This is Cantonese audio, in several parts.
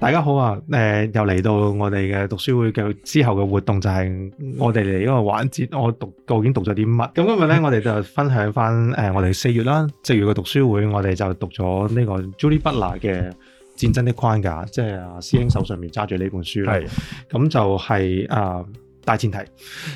大家好啊！誒、呃，又嚟到我哋嘅讀書會嘅之後嘅活動，就係我哋嚟呢個環節。我讀究竟讀咗啲乜？咁今日呢， 我哋就分享返、呃、我哋四月啦，四月嘅讀書會，我哋就讀咗呢個 Butler 的戰爭的框架，即、就係阿師兄手上面揸住呢本書。咁 就係、呃、大前提。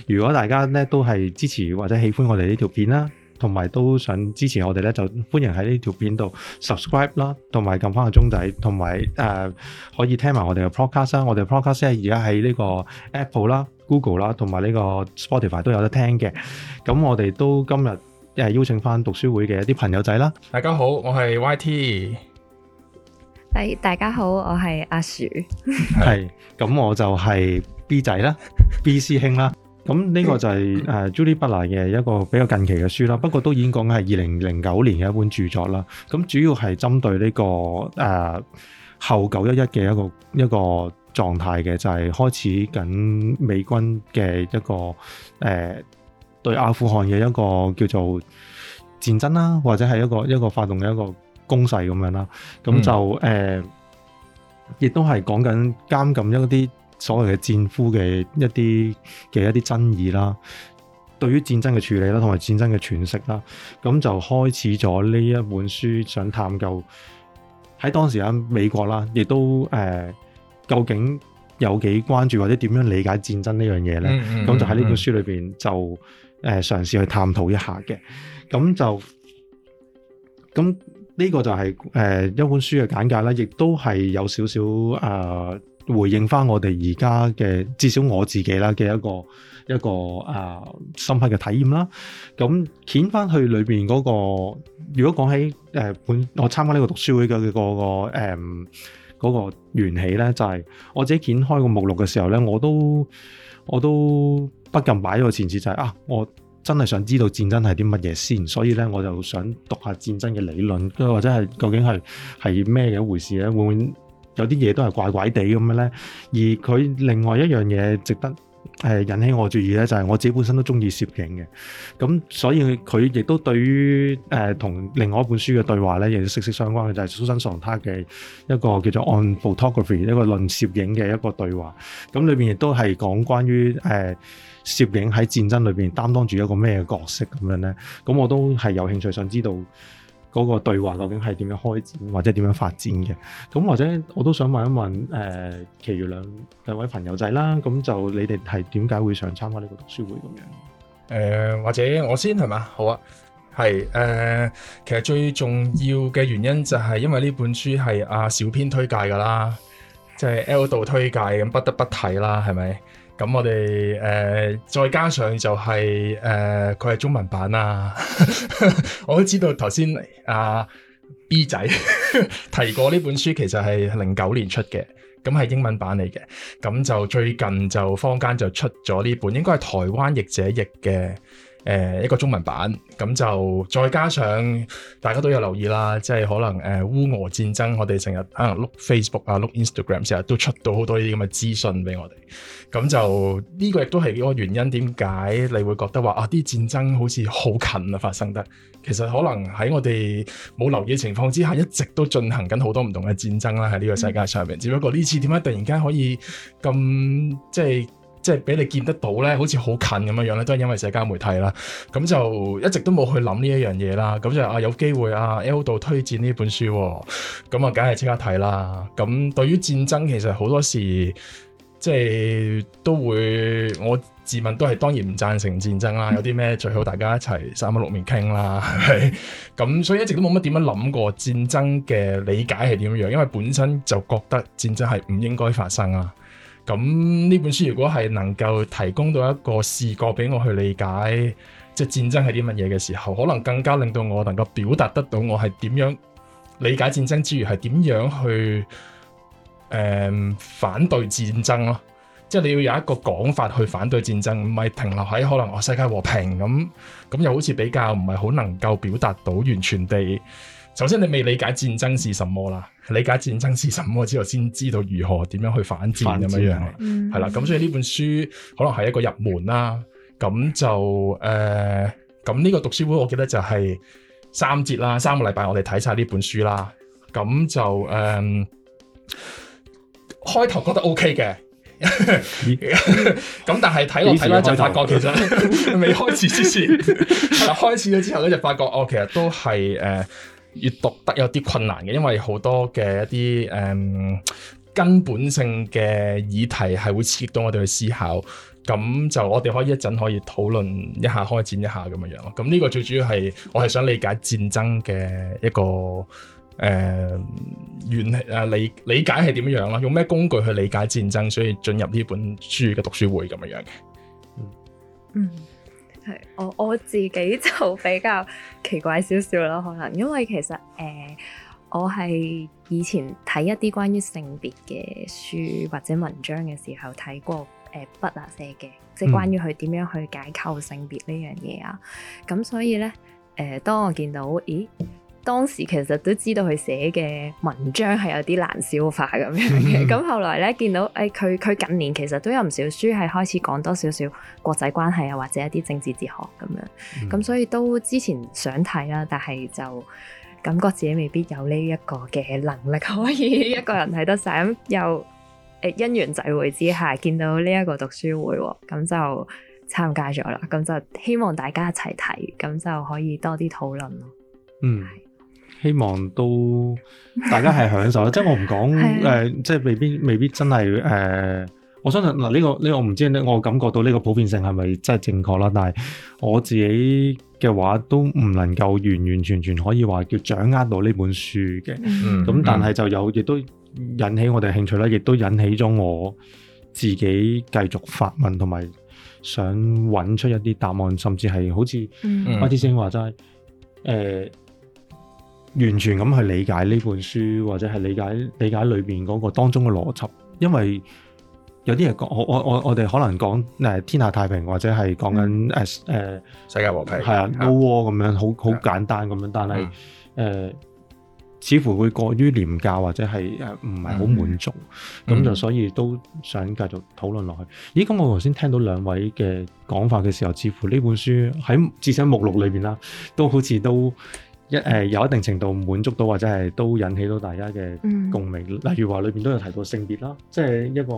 如果大家呢都係支持或者喜歡我哋呢條片啦。同埋都想支持我哋咧，就歡迎喺呢條片度 subscribe 啦，同埋撳翻個鐘仔，同埋誒可以聽埋我哋嘅 podcast 啦我哋 podcast 係而家喺呢個 Apple 啦、Google 啦，同埋呢個 Spotify 都有得聽嘅。咁我哋都今日誒邀請翻讀書會嘅一啲朋友仔啦。大家好，我係 YT。大家好，我係阿樹。係是，咁 我就係 B 仔啦 ，B 師兄啦。咁呢個就係 Judith Butler 嘅一個比較近期嘅書啦，不過都已經講緊係二零零九年嘅一本著作啦。咁主要係針對呢、這個誒、呃、後九一一嘅一個一個狀態嘅，就係、是、開始緊美軍嘅一個誒、呃、對阿富汗嘅一個叫做戰爭啦，或者係一個一個發動嘅一個攻勢咁樣啦。咁就誒、嗯呃、亦都係講緊監禁一啲。所謂嘅戰俘嘅一啲嘅一啲爭議啦，對於戰爭嘅處理啦，同埋戰爭嘅詮釋啦，咁就開始咗呢一本書，想探究喺當時喺美國啦，亦都誒、呃、究竟有幾關注或者點樣理解戰爭呢樣嘢咧？咁、mm hmm. 就喺呢本書裏邊就誒、呃、嘗試去探討一下嘅。咁就咁呢個就係、是、誒、呃、一本書嘅簡介啦，亦都係有少少誒。呃回應翻我哋而家嘅至少我自己啦嘅一個一個啊深刻嘅體驗啦。咁掀翻去裏面嗰、那個，如果講起本我參加呢個讀書會嘅、那個、呃那個嗰個緣起咧，就係、是、我自己掀開個目錄嘅時候咧，我都我都不禁擺咗個前置、就是，就係啊，我真係想知道戰爭係啲乜嘢先，所以咧我就想讀下戰爭嘅理論，或者係究竟係係咩嘅一回事咧，會唔會？有啲嘢都係怪怪地咁樣咧，而佢另外一樣嘢值得誒引起我注意咧，就係我自己本身都中意攝影嘅，咁所以佢亦都對於誒同另外一本書嘅對話咧，亦都息息相關嘅，就係蘇珊·桑塔嘅一個叫做《On Photography》一個論攝影嘅一個對話，咁裏邊亦都係講關於誒攝影喺戰爭裏邊擔當住一個咩角色咁樣咧，咁我都係有興趣想知道。嗰個對話究竟係點樣開展或者點樣發展嘅？咁或者我都想問一問誒、呃，其餘兩兩位朋友仔啦，咁就你哋係點解會想參加呢個讀書會咁樣？誒、呃、或者我先係嘛？好啊，係誒、呃，其實最重要嘅原因就係因為呢本書係阿小編推介噶啦，即係 Eldo 推介咁不得不睇啦，係咪？咁我哋誒、呃、再加上就係誒佢係中文版啦、啊， 我都知道頭先阿 B 仔 提過呢本書其實係零九年出嘅，咁係英文版嚟嘅，咁就最近就坊間就出咗呢本，應該係台灣譯者譯嘅。誒一個中文版，咁就再加上大家都有留意啦，即係可能誒烏俄戰爭，我哋成日可能 look Facebook 啊，look Instagram，成日都出到好多呢啲咁嘅資訊俾我哋。咁就呢個亦都係一個原因，點解你會覺得話啊啲戰爭好似好近啊發生得？其實可能喺我哋冇留意嘅情況之下，一直都進行緊好多唔同嘅戰爭啦喺呢個世界上面。嗯、只不過呢次點解突然間可以咁即係？就是即係俾你見得到咧，好似好近咁樣樣咧，都係因為社交媒體啦。咁就一直都冇去諗呢一樣嘢啦。咁就啊有機會啊 L 度推薦呢本書，咁啊梗係即刻睇啦。咁對於戰爭，其實好多時即係、就是、都會，我自問都係當然唔贊成戰爭啦。嗯、有啲咩最好大家一齊三個六面傾啦。咁所以一直都冇乜點樣諗過戰爭嘅理解係點樣。因為本身就覺得戰爭係唔應該發生啦。咁呢本書如果係能夠提供到一個視角俾我去理解，即係戰爭係啲乜嘢嘅時候，可能更加令到我能夠表達得到我係點樣理解戰爭之餘，係點樣去、嗯、反對戰爭咯。即係你要有一個講法去反對戰爭，唔係停留喺可能我世界和平咁，咁又好似比較唔係好能夠表達到完全地。首先你未理解戰爭是什麼啦，理解戰爭是什麼之後，先知道如何點樣去反戰咁戰樣樣，係啦、嗯。咁所以呢本書可能係一個入門啦。咁就誒，咁、呃、呢個讀書會我記得就係三節啦，三個禮拜我哋睇晒呢本書啦。咁就誒、呃，開頭覺得 OK 嘅，咁咦 但係睇落睇咧就發覺其實未 開始之前， 係啦、開始咗之後咧就發覺哦，其實都係誒。呃越讀得有啲困難嘅，因為好多嘅一啲誒、嗯、根本性嘅議題係會刺激到我哋去思考，咁就我哋可以一陣可以討論一下、開展一下咁樣樣咯。咁、嗯、呢、呢個最主要係我係想理解戰爭嘅一個誒、嗯、原理理，理解係點樣樣咯。用咩工具去理解戰爭？所以進入呢本書嘅讀書會咁樣樣嘅。嗯。我我自己就比較奇怪少少啦，可能因為其實誒、呃，我係以前睇一啲關於性別嘅書或者文章嘅時候看過，睇過誒 Butler 寫嘅，即係、就是、關於佢點樣去解構性別呢樣嘢啊，咁、嗯、所以咧誒、呃，當我見到，咦？當時其實都知道佢寫嘅文章係有啲難消化咁樣嘅，咁 後來咧見到誒佢佢近年其實都有唔少書係開始講多少少國際關係啊，或者一啲政治哲學咁樣，咁、嗯、所以都之前想睇啦，但係就感覺自己未必有呢一個嘅能力可以一個人睇得晒。咁又誒因緣際會之下見到呢一個讀書會喎，咁就參加咗啦，咁就希望大家一齊睇，咁就可以多啲討論咯，嗯。希望都大家係享受啦，即係我唔講誒，即係未必未必真係誒、呃，我相信嗱呢、呢個呢、呢個、我唔知咧，我感覺到呢個普遍性係咪真係正確啦？但係我自己嘅話都唔能夠完完全全可以話叫掌握到呢本書嘅，咁、嗯、但係就有亦、嗯、都引起我哋興趣啦，亦都引起咗我自己繼續發問同埋想揾出一啲答案，甚至係好似阿 T 先生話齋誒。嗯乖嗯完全咁去理解呢本書，或者係理解理解裏邊嗰個當中嘅邏輯，因為有啲嘢講，我我我我哋可能講誒天下太平，或者係講緊誒誒世界和平，係啊 no war 咁樣，嗯、好好簡單咁樣，但係誒、嗯呃、似乎會過於廉價，或者係誒唔係好滿足，咁、嗯、就所以都想繼續討論落去。嗯、咦？咁我頭先聽到兩位嘅講法嘅時候，似乎呢本書喺至少在目錄裏邊啦，嗯、都好似都。一有一定程度滿足到或者係都引起到大家嘅共鳴，嗯、例如話裏邊都有提到性別啦，即、就、係、是、一個、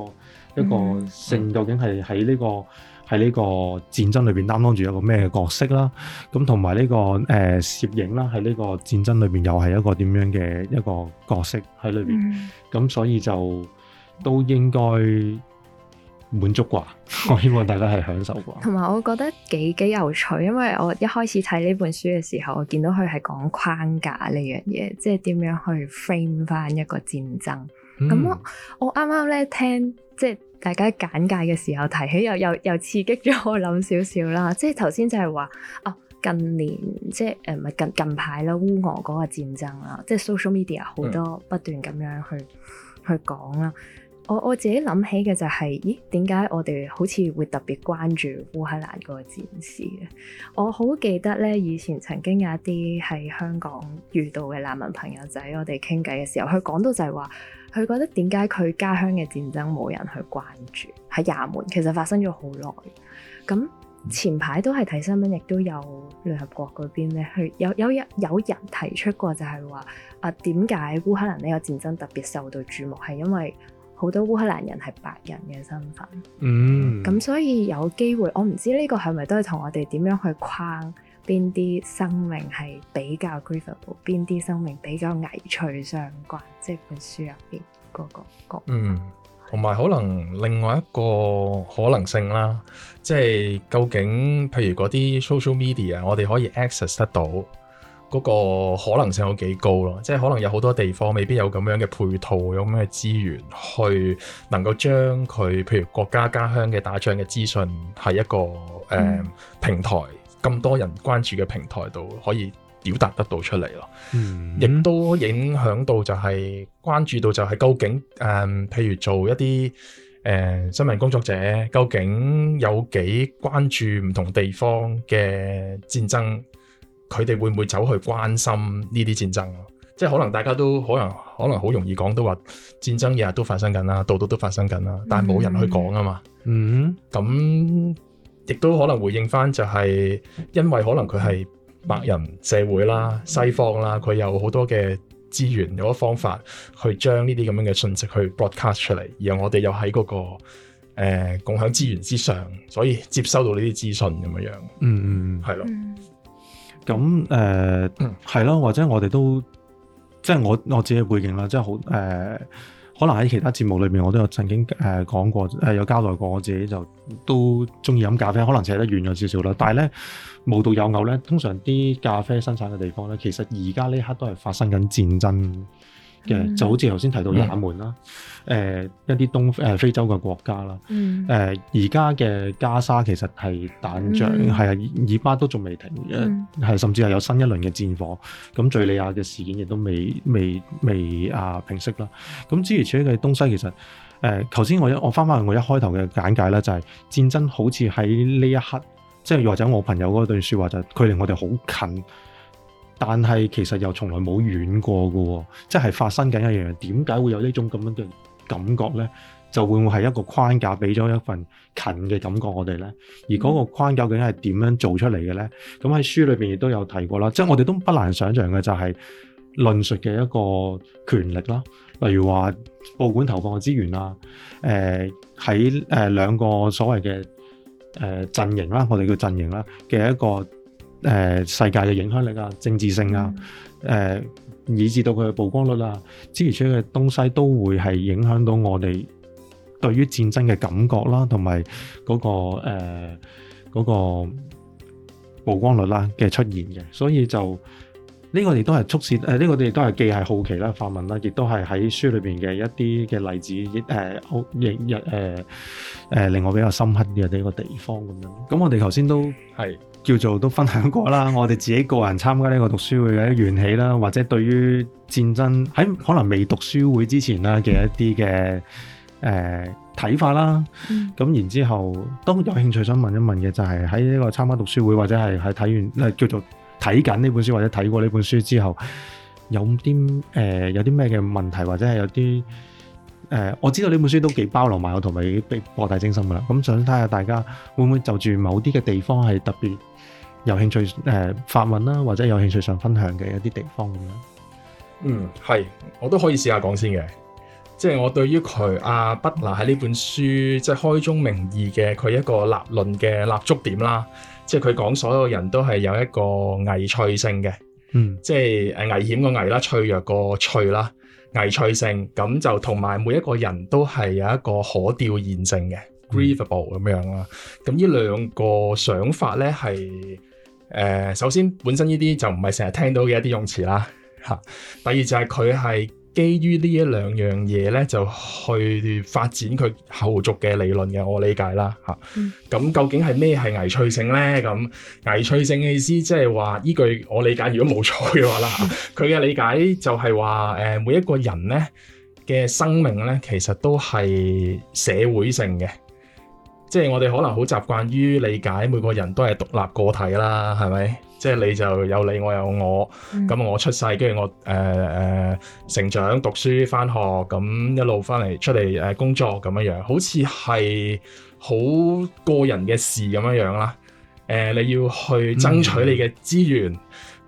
嗯、一個性究竟係喺呢個喺呢個戰爭裏邊擔當住一個咩角色啦，咁同埋呢個誒、呃、攝影啦喺呢個戰爭裏邊又係一個點樣嘅一個角色喺裏邊，咁、嗯、所以就都應該。滿足啩，我希望大家係享受啩。同埋 我覺得幾幾有趣，因為我一開始睇呢本書嘅時候，我見到佢係講框架呢樣嘢，即係點樣去 frame 翻一個戰爭。咁、嗯、我啱啱咧聽即係大家簡介嘅時候提起，又又又刺激咗我諗少少啦。即係頭先就係話啊，近年即係誒唔係近近排啦烏俄嗰個戰爭啦，即係 social media 好多不斷咁樣去去講啦。嗯我我自己諗起嘅就係、是，咦，點解我哋好似會特別關注烏克蘭個戰事嘅？我好記得咧，以前曾經有一啲喺香港遇到嘅難民朋友仔，我哋傾偈嘅時候，佢講到就係話，佢覺得點解佢家鄉嘅戰爭冇人去關注，喺也門，其實發生咗好耐。咁前排都係睇新聞，亦都有聯合國嗰邊咧，佢有有有有人提出過就係話，啊，點解烏克蘭呢個戰爭特別受到注目，係因為？好多烏克蘭人係白人嘅身份，咁、嗯、所以有機會，我唔知呢個係咪都係同我哋點樣去框邊啲生命係比較 grievable，邊啲生命比較危脆相關？即、就、係、是、本書入邊、嗰個個嗯，同埋的可能另外一個可能性啦，即、就、係、是、究竟譬如嗰啲 social media，我哋可以 access 得到。嗰個可能性有幾高咯？即係可能有好多地方未必有咁樣嘅配套，有咁樣嘅資源去能夠將佢，譬如國家家鄉嘅打仗嘅資訊，喺一個、嗯嗯、平台咁多人關注嘅平台度可以表達得到出嚟咯。嗯，亦都影響到就係關注到就係究竟、嗯、譬如做一啲誒、呃、新聞工作者，究竟有幾關注唔同地方嘅戰爭？佢哋會唔會走去關心呢啲戰爭？即係可能大家都可能可能好容易講到話戰爭日日都發生緊啦，度度都發生緊啦，但係冇人去講啊嘛。嗯、mm，咁、hmm. 亦都可能回應翻，就係因為可能佢係白人社會啦、西方啦，佢有好多嘅資源、有個方法去將呢啲咁樣嘅訊息去 broadcast 出嚟，而我哋又喺嗰、嗰個、呃、共享資源之上，所以接收到呢啲資訊咁樣樣。嗯嗯，係咯。咁誒係咯，或者我哋都即係我我自己背景啦，即係好，誒，可能喺其他節目裏面我都有曾經誒講過，呃、呃、有交代過，我自己就都中意飲咖啡，可能扯得遠咗少少啦。但係咧無獨有偶咧，通常啲咖啡生產嘅地方咧，其實而家呢刻都係發生緊戰爭。嘅就好似頭先提到也門啦，誒、嗯呃、一啲東誒非、呃、非洲嘅國家啦，誒而家嘅加沙其實係彈仗，係啊、嗯，以巴都仲未停，係、嗯、甚至係有新一輪嘅戰火。咁敍利亞嘅事件亦都未未未啊平息啦。咁諸如此類嘅東西，其實誒頭先我一我翻翻去我一開頭嘅簡介啦，就係、是、戰爭好似喺呢一刻，即、就、係、是、或者我朋友嗰段説話就距離我哋好近。但係其實又從來冇遠過嘅喎，即係發生緊一樣，點解會有呢種咁樣嘅感覺咧？就會唔會係一個框架俾咗一份近嘅感覺我哋咧？而嗰個框架究竟係點樣做出嚟嘅咧？咁喺書裏邊亦都有提過啦，即係我哋都不難想像嘅就係論述嘅一個權力啦，例如話報館投放嘅資源啦，誒喺誒兩個所謂嘅誒陣營啦，我哋叫陣營啦嘅一個。誒世界嘅影響力啊、政治性啊、誒、嗯呃、以至到佢嘅曝光率啊，之餘出嘅東西都會係影響到我哋對於戰爭嘅感覺啦，同埋嗰個誒、呃嗰個、曝光率啦嘅出現嘅，所以就呢、呢個我都係促使誒，呢、呃呢個我都係既係好奇啦、發問啦，亦都係喺書裏邊嘅一啲嘅例子，亦誒亦亦誒誒令我比較深刻嘅呢個地方咁樣。咁我哋頭先都係。叫做都分享過啦，我哋自己個人參加呢個讀書會嘅一緣起啦，或者對於戰爭喺可能未讀書會之前啦嘅一啲嘅誒睇法啦。咁、嗯、然之後都有興趣想問一問嘅就係喺呢個參加讀書會或者係喺睇完，叫做睇緊呢本書或者睇過呢本書之後，有啲誒、呃、有啲咩嘅問題或者係有啲。誒、呃，我知道呢本書都幾包羅埋我同埋啲博大精深噶啦，咁想睇下大家會唔會就住某啲嘅地方係特別有興趣誒、呃、發問啦、啊，或者有興趣想分享嘅一啲地方咁樣。嗯，係，我都可以試下講先嘅，即係我對於佢阿 Butler 喺呢本書即係、就是、開宗明義嘅佢一個立論嘅立足點啦，即係佢講所有人都係有一個危脆性嘅，嗯，即係誒危險個危啦，脆弱個脆啦。危脆性，咁就同埋每一個人都係有一個可弔唁性嘅 grievable 咁樣啦。咁呢兩個想法咧，係誒，首先本身呢啲就唔係成日聽到嘅一啲用詞啦。嚇，第二就係佢係。基於呢一兩樣嘢咧，就去發展佢後續嘅理論嘅，我理解啦吓咁、嗯、究竟係咩係危脆性咧？咁危脆性嘅意思即係話，依句我理解，如果冇錯嘅話啦，佢嘅、嗯、理解就係話，誒每一個人咧嘅生命咧，其實都係社會性嘅。即係我哋可能好習慣於理解每個人都係獨立個體啦，係咪？即係你就有你，我有我，咁我出世，跟住我、呃、成長、讀書、翻學，咁一路翻嚟出嚟呃、工作咁樣樣，好似係好個人嘅事咁樣樣啦、呃。你要去爭取你嘅資源，嗯、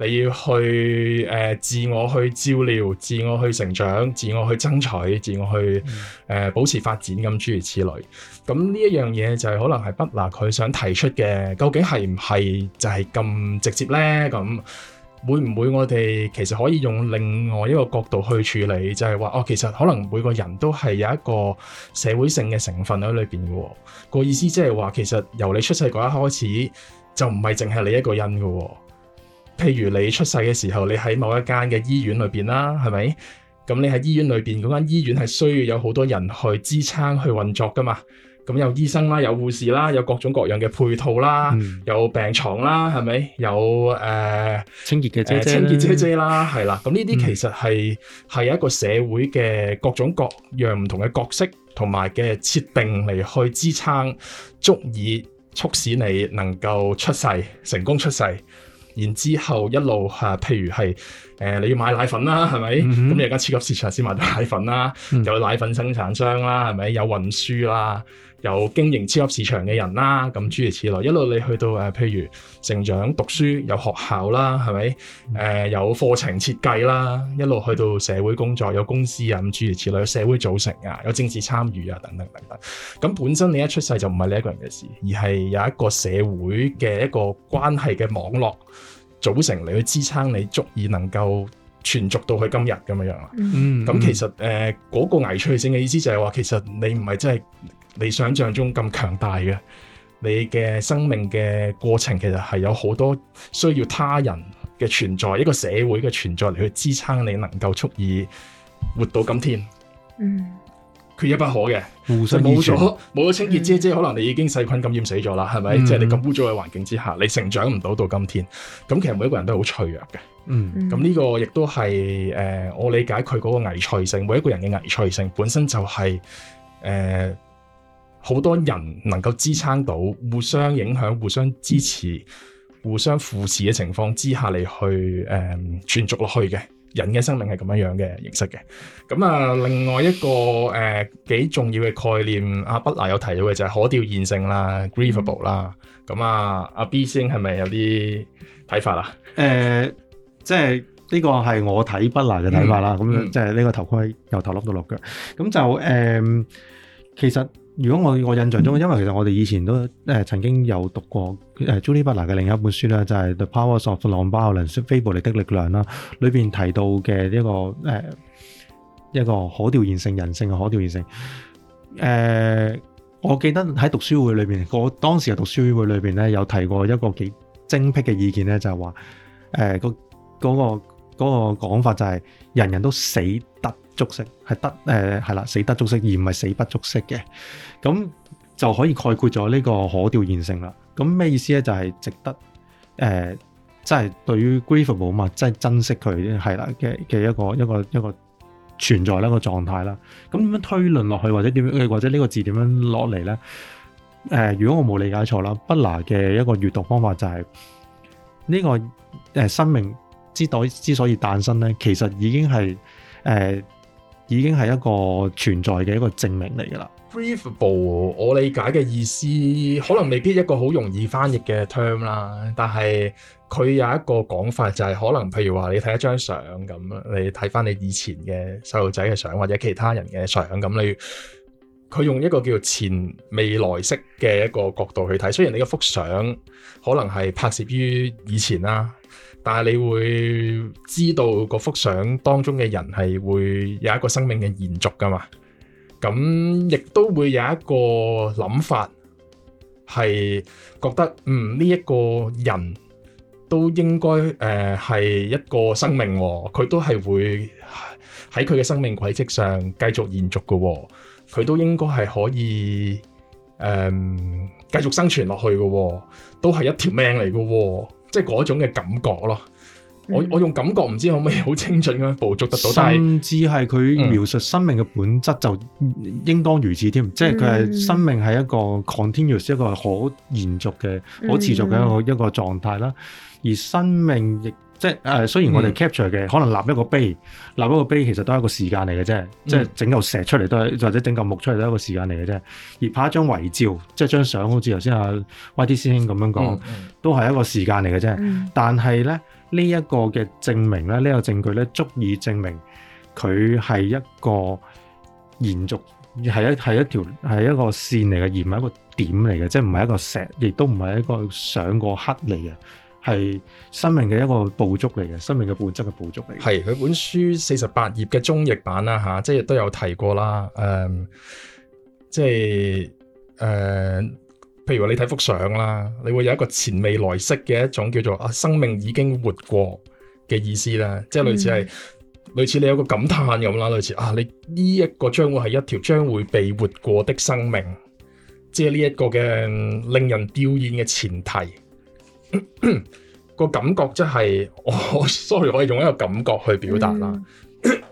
你要去、呃、自我去照料、自我去成長、自我去爭取、自我去、呃、保持發展咁諸如此類。咁呢一樣嘢就係可能係不拿佢想提出嘅，究竟係唔係就係咁直接呢？咁會唔會我哋其實可以用另外一個角度去處理就，就係話哦，其實可能每個人都係有一個社會性嘅成分喺裏邊㗎嘅。那個意思即係話，其實由你出世嗰一開始就唔係淨係你一個人嘅、哦。譬如你出世嘅時候，你喺某一間嘅醫院裏面啦，係咪？咁你喺醫院裏面嗰間醫院係需要有好多人去支撐去運作㗎嘛。咁有醫生啦，有護士啦，有各種各樣嘅配套啦，嗯、有病床啦，係咪？有誒、呃、清潔嘅姐姐，呃、清潔姐姐啦，係啦。咁呢啲其實係係、嗯、一個社會嘅各種各樣唔同嘅角色同埋嘅設定嚟，去支撐，足以促使你能夠出世，成功出世。然之後一路吓、呃，譬如係誒、呃，你要買奶粉啦，係咪？咁、嗯、你而家超級市場先買奶粉啦，嗯、有奶粉生產商啦，係咪？有運輸啦。有經營超級市場嘅人啦，咁諸如此類，一路你去到譬如成長讀書有學校啦，係咪、mm hmm. 呃、有課程設計啦，一路去到社會工作有公司啊，咁諸如此類，有社會組成啊，有政治參與啊，等等等等。咁本身你一出世就唔係你一個人嘅事，而係有一個社會嘅一個關係嘅網絡組成嚟去支撐你，足以能夠存續到佢今日咁樣樣。嗯、mm。咁、hmm. 其實嗰、呃那個危脆性嘅意思就係話，其實你唔係真係。你想象中咁強大嘅，你嘅生命嘅過程其實係有好多需要他人嘅存在，一個社會嘅存在嚟去支撐你能夠足以活到今天。嗯，缺一不可嘅，互相。冇咗冇咗清潔姐姐，嗯、可能你已經細菌感染死咗啦，係咪？即係、嗯、你咁污糟嘅環境之下，你成長唔到到今天。咁其實每一個人都好脆弱嘅。嗯，咁呢個亦都係誒，我理解佢嗰個危脆性，每一個人嘅危脆性本身就係、是、誒。呃好多人能夠支撐到，互相影響、互相支持、互相扶持嘅情況之下嚟去誒傳、嗯、續落去嘅人嘅生命係咁樣樣嘅形式嘅。咁啊，另外一個誒幾、呃、重要嘅概念，阿畢拿有提到嘅就係可調現性、可弔唁性啦、grievable 啦、嗯。咁啊，阿 B 星係咪有啲睇法啊？誒，即係呢個係我睇畢拿嘅睇法啦。咁、呃、即係呢、嗯嗯、個頭盔由頭笠到落腳。咁就誒、呃，其實。如果我我印象中，因為其實我哋以前都曾經有讀過誒 Julie Butler 嘅另一本書咧，就係、是《The Power of l o n g b e l i n d a b 暴力的力量》啦，裏邊提到嘅一個一個可調現性人性嘅可調現性。呃、我記得喺讀書會裏邊，我當時嘅讀書會裏邊咧，有提過一個幾精闢嘅意見咧，就係、是、話：誒、呃，那個。嗰個講法就係人人都死得足惜，係得誒係啦，死得足惜而唔係死不足惜嘅，咁就可以概括咗呢個可弔唁性啦。咁咩意思咧？就係、是、值得誒，即、呃、係對於 grievable 啊嘛，即係珍惜佢係啦嘅嘅一個一個一個，一個存在一個狀態啦。咁點樣推論落去，或者點？或者呢個字點樣落嚟咧？誒、呃，如果我冇理解錯啦 Butler 嘅一個閲讀方法就係、是、呢、這個誒、呃、生命。之之所以誕生咧，其實已經係誒、呃、已經係一個存在嘅一個證明嚟㗎啦。Grievable，我理解嘅意思可能未必一個好容易翻譯嘅 term 啦，但係佢有一個講法就係、是、可能，譬如話你睇一張相咁，你睇翻你以前嘅細路仔嘅相，或者其他人嘅相咁，你佢用一個叫做前未來式嘅一個角度去睇，雖然你嘅幅相可能係拍攝於以前啦。但係你會知道嗰幅相當中嘅人係會有一個生命嘅延續噶嘛？咁亦都會有一個諗法，係覺得嗯、呢一個人都應該誒係一個生命喎，佢都係會喺佢嘅生命軌跡上繼續延續噶喎，佢都應該係可以誒繼續生存落去噶喎，都係一條命嚟噶喎。即係嗰種嘅感覺咯，嗯、我我用感覺唔知道可唔可以好精準咁捕捉得到，但甚至係佢描述生命嘅本質就應該如此添。嗯、即係佢係生命係一個 continuous 一個好延續嘅、好持續嘅一個一個狀態啦，嗯、而生命亦。即係誒，雖然我哋 capture 嘅，嗯、可能立一個碑，立一個碑其實都係一個時間嚟嘅啫，嗯、即係整嚿石出嚟都係，或者整嚿木出嚟都係一個時間嚟嘅啫。而拍一張遺照，嗯嗯、即係張相，好似頭先阿 YD 師兄咁樣講，都係一個時間嚟嘅啫。嗯嗯、但係咧，呢、這、一個嘅證明咧，呢、這個證據咧，足以證明佢係一個延續，係一係一條係一個線嚟嘅，而唔係一個點嚟嘅，即係唔係一個石，亦都唔係一個相嗰刻嚟嘅。係生命嘅一個捕捉嚟嘅，生命嘅本質嘅捕捉嚟嘅。係佢本書四十八頁嘅中譯版啦，嚇，即係都有提過啦。誒、嗯，即係誒，譬如話你睇幅相啦，你會有一個前未來式嘅一種叫做啊，生命已經活過嘅意思啦，即係類似係、嗯、類似你有一個感嘆咁啦，類似啊，你呢一個將會係一條將會被活過的生命，即係呢一個嘅令人吊唁嘅前提。 那個感覺即係我，sorry，我係用一個感覺去表達啦、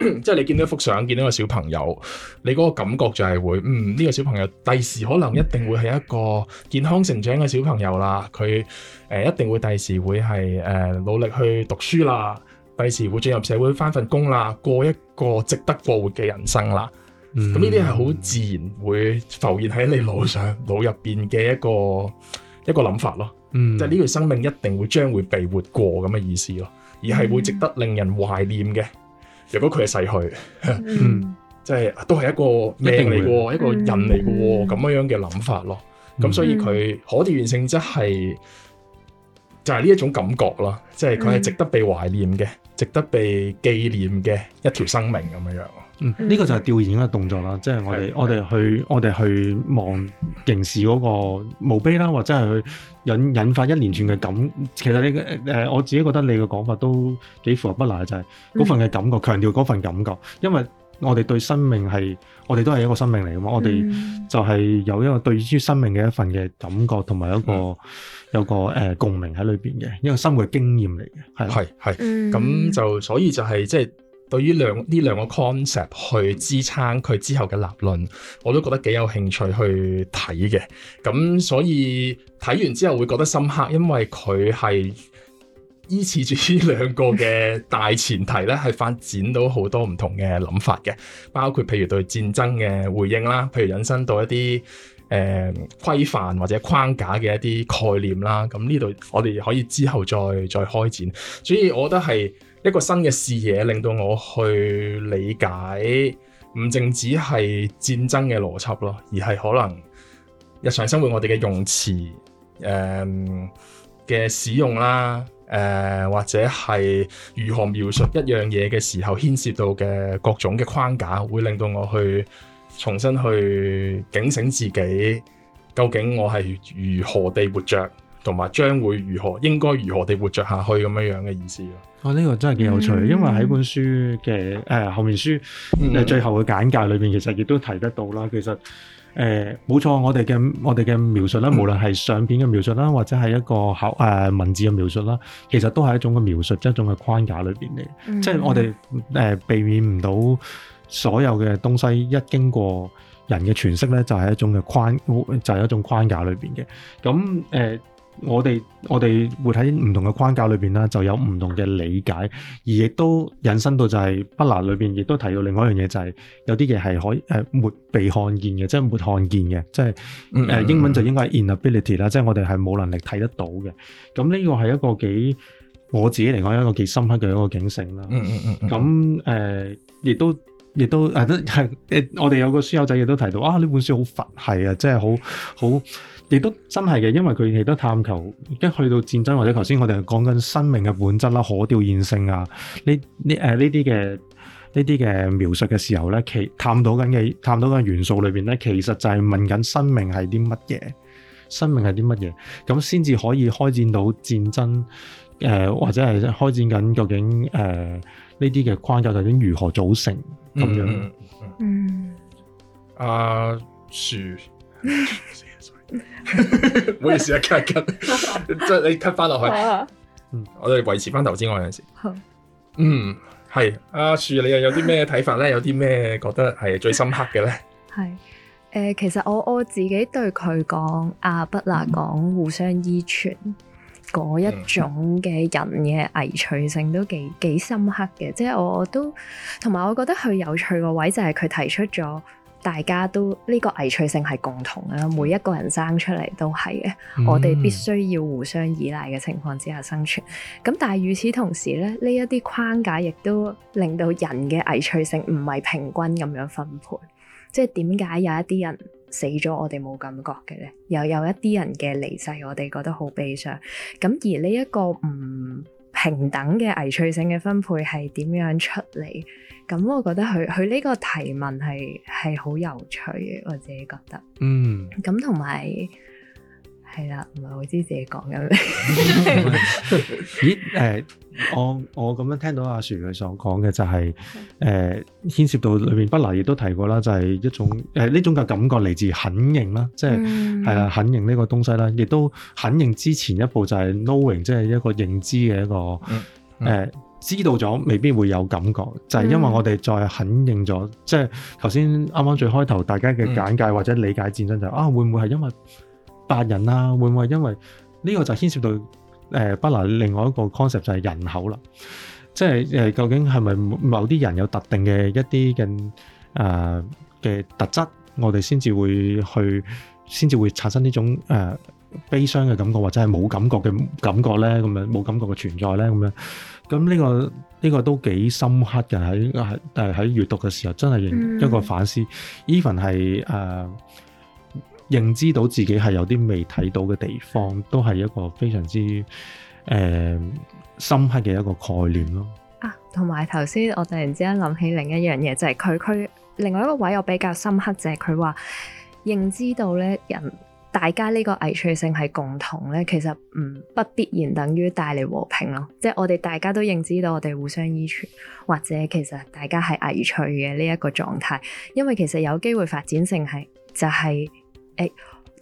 嗯。 即係你見到一幅相，見到個小朋友，你嗰個感覺就係會，嗯，呢、這個小朋友第時可能一定會係一個健康成長嘅小朋友啦。佢誒、呃，一定會第時會係誒、呃、努力去讀書啦，第時會進入社會返份工啦，過一個值得過活嘅人生啦。咁呢啲係好自然會浮現喺你腦上、腦入邊嘅一個一個諗法咯。就係呢條生命一定會將會被活過咁嘅意思咯，而係會值得令人懷念嘅。如果佢係逝去，即係、嗯嗯就是、都係一個命嚟嘅，一,一個人嚟嘅咁樣這樣嘅諗法咯。咁、嗯、所以佢可弔唁性質係就係呢一種感覺咯，即係佢係值得被懷念嘅，嗯、值得被紀念嘅一條生命咁樣樣。嗯，呢、嗯、個就係弔唁嘅動作啦，即係、嗯、我哋、嗯、我哋去、嗯、我哋去望凝視嗰個墓碑啦，或者係去引引發一連串嘅感。其實你誒，我自己覺得你嘅講法都幾符合不賴，就係、是、嗰份嘅感覺，強調嗰份感覺。因為我哋對生命係，我哋都係一個生命嚟噶嘛，我哋就係有一個對於生命嘅一份嘅感覺，同埋一個、嗯、有一個誒共鳴喺裏邊嘅，一個生活的經驗嚟嘅，係係係咁就所以就係即係。就是對於兩呢兩個 concept 去支撐佢之後嘅立論，我都覺得幾有興趣去睇嘅。咁所以睇完之後會覺得深刻，因為佢係依恃住呢兩個嘅大前提咧，係發展到好多唔同嘅諗法嘅，包括譬如對戰爭嘅回應啦，譬如引申到一啲誒規範或者框架嘅一啲概念啦。咁呢度我哋可以之後再再開展，所以我覺得係，一個新嘅視野，令到我去理解，唔淨止係戰爭嘅邏輯咯，而係可能日常生活我哋嘅用詞，誒、嗯、嘅使用啦、嗯，或者係如何描述一樣嘢嘅時候牽涉到嘅各種嘅框架，會令到我去重新去警醒自己，究竟我係如何地活着。同埋將會如何，應該如何地活着下去咁樣嘅意思咯。啊、哦，呢、這個真係幾有趣，嗯、因為喺本書嘅誒、呃、後面書、嗯、最後嘅簡介裏面其也，其實亦都提得到啦。其實冇錯，我哋嘅我哋嘅描述啦，嗯、無論係相片嘅描述啦，或者係一個、呃、文字嘅描述啦，其實都係一種嘅描述，一種嘅框架裏面嚟。即係、嗯、我哋、呃、避免唔到所有嘅東西一經過人嘅詮釋咧，就係、是、一種嘅框，就係、是、一種框架裏面嘅。咁我哋我哋活喺唔同嘅框架裏邊啦，就有唔同嘅理解，而亦都引申到就係《不拿》裏邊，亦都提到另外一樣嘢，就係有啲嘢係可以誒沒被看見嘅，即係沒看見嘅，即係誒、呃、英文就應該係 inability 啦，即係我哋係冇能力睇得到嘅。咁呢個係一個幾我自己嚟講一個幾深刻嘅一個警醒啦。嗯嗯嗯。咁、呃、誒，亦都亦都誒、哎哎，我哋有個書友仔亦都提到，啊，呢本書好佛系啊，真係好好。亦都真係嘅，因為佢哋都探求，一去到戰爭或者頭先我哋講緊生命嘅本質啦、可弔唁性啊，你你誒呢啲嘅呢啲嘅描述嘅時候咧，其探討緊嘅探討嘅元素裏邊咧，其實就係問緊生命係啲乜嘢，生命係啲乜嘢，咁先至可以開展到戰爭誒、呃，或者係開展緊究竟誒呢啲嘅框架究竟如何組成咁、嗯、樣？嗯，阿、啊、樹。 唔 好意思啊，咳 cut 即係你 cut 翻落去，啊、嗯，我哋維持翻頭之我有陣時，嗯，係阿樹你又有啲咩睇法咧？有啲咩覺得係最深刻嘅咧？係誒、呃，其實我我自己對佢講阿不拉講互相依存嗰、嗯、一種嘅人嘅危脆性都幾幾深刻嘅，即、就、係、是、我我都同埋我覺得佢有趣個位就係佢提出咗。大家都呢、呢個危脆性係共同嘅，每一個人生出嚟都係嘅。嗯、我哋必須要互相依賴嘅情況之下生存。咁但係與此同時咧，呢一啲框架亦都令到人嘅危脆性唔係平均咁樣分配。即係點解有一啲人死咗我哋冇感覺嘅咧？又有，有一啲人嘅離世我哋覺得好悲傷。咁而呢一個唔平等嘅危脆性嘅分配係點樣出嚟？咁我覺得佢佢呢個提問係係好有趣嘅，我自己覺得。嗯。咁同埋係啦，唔係好知自己講緊。 咦？誒、呃，我我咁樣聽到阿樹佢所講嘅就係、是、誒、呃、牽涉到裏面 Butler 亦都提過啦，就係、是、一種誒呢、呃、種嘅感覺嚟自肯認啦，即係係啦，肯、嗯、認呢個東西啦，亦都肯認之前一步就係 knowing，即係一個認知嘅一個誒。嗯嗯呃知道咗未必會有感覺，就係、是、因為我哋再肯認咗，嗯、即係頭先啱啱最開頭大家嘅簡介或者理解戰爭就是嗯、啊，會唔會係因為白人啊？會唔會係因為呢、這個就牽涉到誒不嗱另外一個 concept 就係人口啦，即係、呃、究竟係咪某啲人有特定嘅一啲嘅誒嘅特質，我哋先至會去先至會產生呢種誒、呃、悲傷嘅感覺，或者係冇感覺嘅感覺呢？咁樣冇感覺嘅存在呢？咁樣。咁呢個呢個都幾深刻嘅喺喺誒喺閲讀嘅時候真係一個反思，even 係誒認知到自己係有啲未睇到嘅地方，都係一個非常之誒、呃、深刻嘅一個概念咯。啊，同埋頭先我突然之間諗起另一樣嘢，就係佢佢另外一個位我比較深刻就係佢話認知到咧人。大家呢個危脆性係共同呢，其實唔不必然等於帶嚟和平咯。即係我哋大家都認知到我哋互相依存，或者其實大家係危脆嘅呢一個狀態。因為其實有機會發展成係就係、是、誒、欸，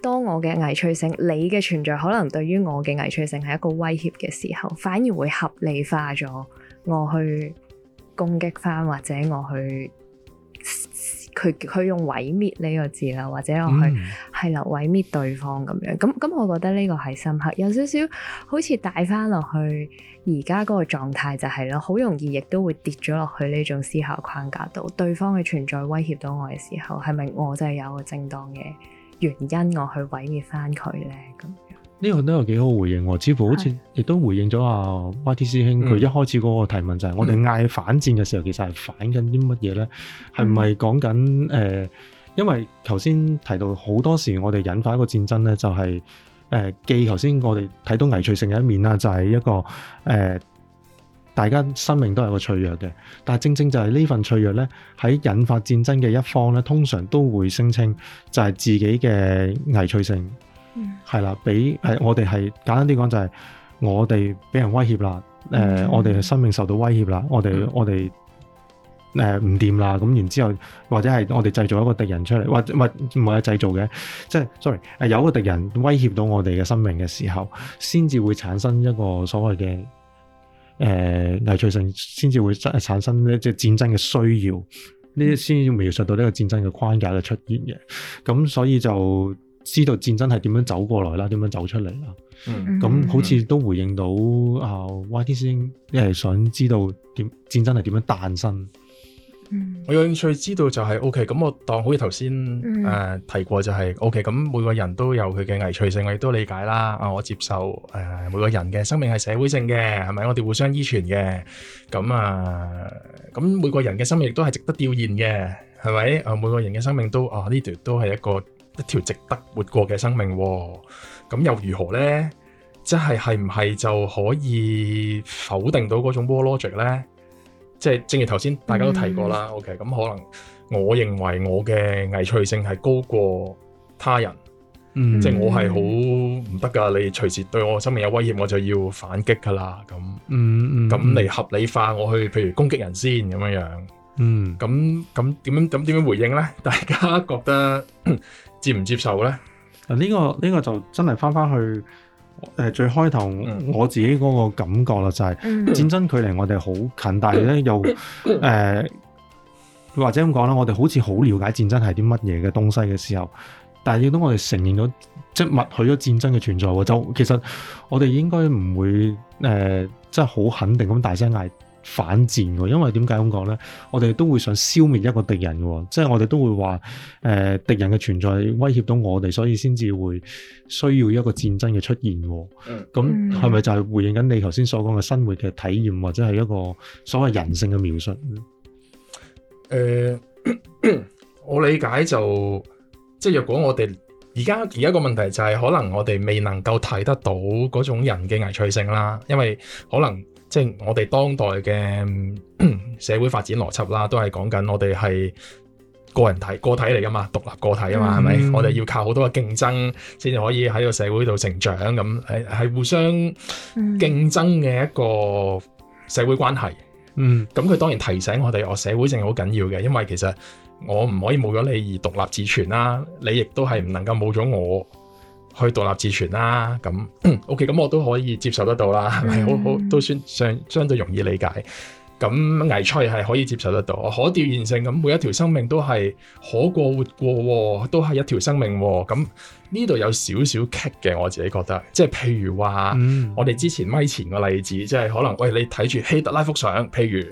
當我嘅危脆性你嘅存在可能對於我嘅危脆性係一個威脅嘅時候，反而會合理化咗我去攻擊返或者我去。佢佢用毀滅呢、這個字啦，或者我去係啦毀滅對方咁樣，咁咁、嗯、我覺得呢個係深刻，有少少好似帶翻落去而家嗰個狀態就係咯，好容易亦都會跌咗落去呢種思考框架度，對方嘅存在威脅到我嘅時候，係咪我就係有個正當嘅原因我去毀滅翻佢呢？咁？呢個都有幾好回應喎，似乎好似亦都回應咗啊 Y T 師兄佢一開始嗰個提問就係：我哋嗌反戰嘅時候，其實係反緊啲乜嘢咧？係唔係講緊誒？因為頭先提到好多時，我哋引發一個戰爭咧、就是呃，就係誒，記頭先我哋睇到危脆性嘅一面啦，就係一個誒、呃，大家生命都係個脆弱嘅，但係正正就係呢份脆弱咧，喺引發戰爭嘅一方咧，通常都會聲稱就係自己嘅危脆性。係啦，俾、呃、我哋係簡單啲講就係我哋俾人威脅啦，誒、呃，Okay. 我哋嘅生命受到威脅啦，我哋我哋誒唔掂啦，咁、呃、然之後或者係我哋製造一個敵人出嚟，或或唔係製造嘅，即、就、係、是、sorry，誒，有個敵人威脅到我哋嘅生命嘅時候，先至會產生一個所謂嘅誒危脆性，先、呃、至會產生咧即係戰爭嘅需要，呢啲先描述到呢個戰爭嘅框架嘅出現嘅，咁所以就。知道戰爭係點樣走過來啦，點樣走出嚟啦？咁、嗯、好似都回應到啊，Y T 師兄，一係想知道點戰爭係點樣誕生。我有興趣知道就係 O K，咁我當好似頭先誒提過就係 O K，咁每個人都有佢嘅危脆性，我亦都理解啦。啊、嗯，我接受誒、呃，每個人嘅生命係社會性嘅，係咪？我哋互相依存嘅。咁啊，咁每個人嘅生命亦都係值得弔唁嘅，係咪？啊，每個人嘅生命都啊呢度都係一個。一條值得活過嘅生命喎，咁又如何呢？即係係唔係就可以否定到嗰種 war logic 呢？即係正如頭先大家都提過啦。OK，咁可能我認為我嘅危脆性係高過他人，即係我係好唔得㗎。你隨時對我生命有威脅，我就要反擊㗎啦。咁，咁嚟合理化我去，譬如攻擊人先咁樣樣。嗯，咁咁點樣？咁點樣回應呢？大家覺得？接唔接受咧？嗱、這個，呢個呢個就真係翻翻去誒、呃、最開頭我自己嗰個感覺啦，嗯、就係戰爭距離我哋好近，但係咧又誒、呃、 或者咁講啦，我哋好似好了解戰爭係啲乜嘢嘅東西嘅時候，但係係當我哋承認咗即係默許咗戰爭嘅存在喎，就其實我哋應該唔會誒即係好肯定咁大聲嗌，反戰嘅，因為點解咁講呢？我哋都會想消滅一個敵人嘅，即係我哋都會話誒、呃，敵人嘅存在威脅到我哋，所以先至會需要一個戰爭嘅出現。咁係咪就係回應緊你頭先所講嘅生活嘅體驗，或者係一個所謂人性嘅描述？誒、呃，我理解就即係如果我哋而家而家個問題就係可能我哋未能夠睇得到嗰種人嘅危脆性啦，因為可能。即係我哋當代嘅社會發展邏輯啦，都係講緊我哋係個人體個體嚟㗎嘛，獨立個體啊嘛，係咪、嗯？我哋要靠好多嘅競爭，先至可以喺個社會度成長咁，係係互相競爭嘅一個社會關係。嗯，咁佢當然提醒我哋，嗯、我社會性好緊要嘅，因為其實我唔可以冇咗你而獨立自存啦，你亦都係唔能夠冇咗我。去獨立自存啦，啊，咁 OK，咁我都可以接受得到啦，係咪？好好都算相相對容易理解？咁危災係可以接受得到，可弔唁性，咁每一條生命都係可過活過，啊，都係一條生命。啊，咁呢度有少少棘嘅，我自己覺得，即係譬如話，mm. 我哋之前咪前個例子，即係可能，喂你睇住希特拉幅相，譬如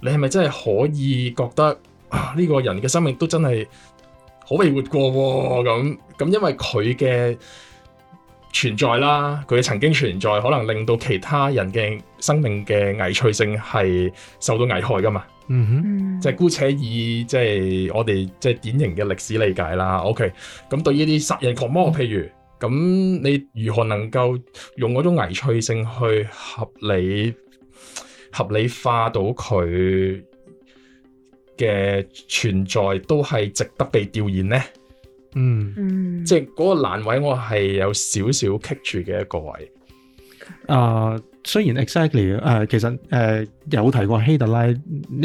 你係咪真係可以覺得呢、呢個人嘅生命都真係？好未活過喎咁咁，因為佢嘅存在啦，佢曾經存在，可能令到其他人嘅生命嘅危脆性係受到危害噶嘛。嗯哼，即係姑且以即係、就是、我哋即係典型嘅歷史理解啦。OK，咁對於啲殺人狂魔，嗯、譬如咁，你如何能夠用嗰種危脆性去合理合理化到佢嘅存在都係值得被弔唁呢。嗯，即係嗰個難位我係有少少棘住嘅一個位。啊，uh, 雖然 exactly，誒、呃、其實誒、呃、有提過希特拉呢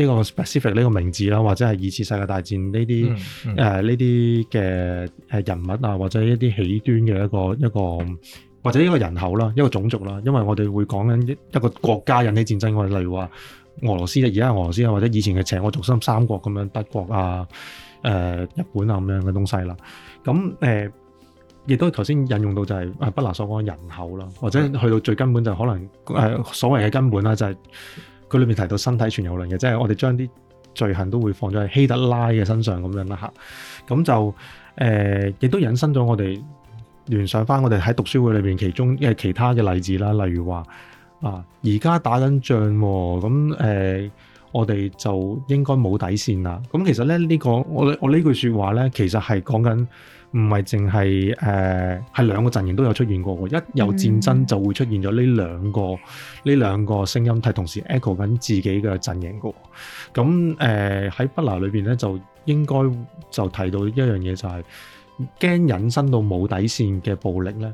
個 specific 呢個名字啦，或者係二次世界大戰呢啲誒呢啲嘅誒人物啊，或者一啲起端嘅一個一個或者一個人口啦，一個種族啦，因為我哋會講緊一個國家引起戰爭，我哋例如話。俄羅斯啊，而家俄羅斯啊，或者以前嘅邪惡軸心三國咁樣，德國啊、誒、呃、日本啊咁樣嘅東西啦。咁誒亦都頭先引用到就係誒不拿所講嘅人口啦，或者去到最根本就係可能誒、嗯、所謂嘅根本啦，就係佢裏面提到身體存有論嘅，即、就、係、是、我哋將啲罪行都會放咗喺希特拉嘅身上咁樣啦嚇。咁就誒亦、呃、都引申咗我哋聯想返我哋喺讀書會裏邊其中誒其他嘅例子啦，例如話。啊！而家打緊仗喎，咁、呃、我哋就應該冇底線啦。咁其實咧，呢個、呢個我我呢句說話咧，其實係講緊唔係淨係係兩個陣營都有出現過喎。一有戰爭就會出現咗呢兩個呢兩、嗯、個聲音，係同時 echo 緊自己嘅陣營喎。咁喺 Butler 裏面咧，就應該就提到一樣嘢、就係，就係驚引申到冇底線嘅暴力咧。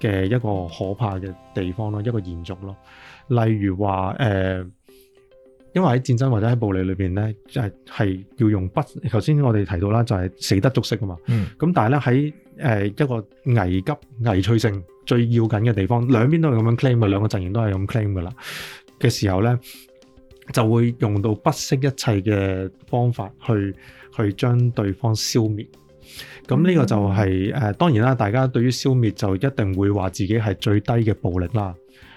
嘅一個可怕嘅地方咯，一個現象咯，例如話誒、呃，因為喺戰爭或者喺暴力裏邊咧，就係係要用不頭先我哋提到啦，就係死得足惜噶嘛。嗯。咁但係咧喺誒一個危急危脆性最要緊嘅地方，兩邊都係咁樣 claim 嘅，兩個陣營都係咁 claim 噶啦嘅時候咧，就會用到不惜一切嘅方法去去將對方消滅。咁呢個就係、是、誒，嗯、哼當然啦，大家對於消滅就一定會話自己係最低嘅暴力啦。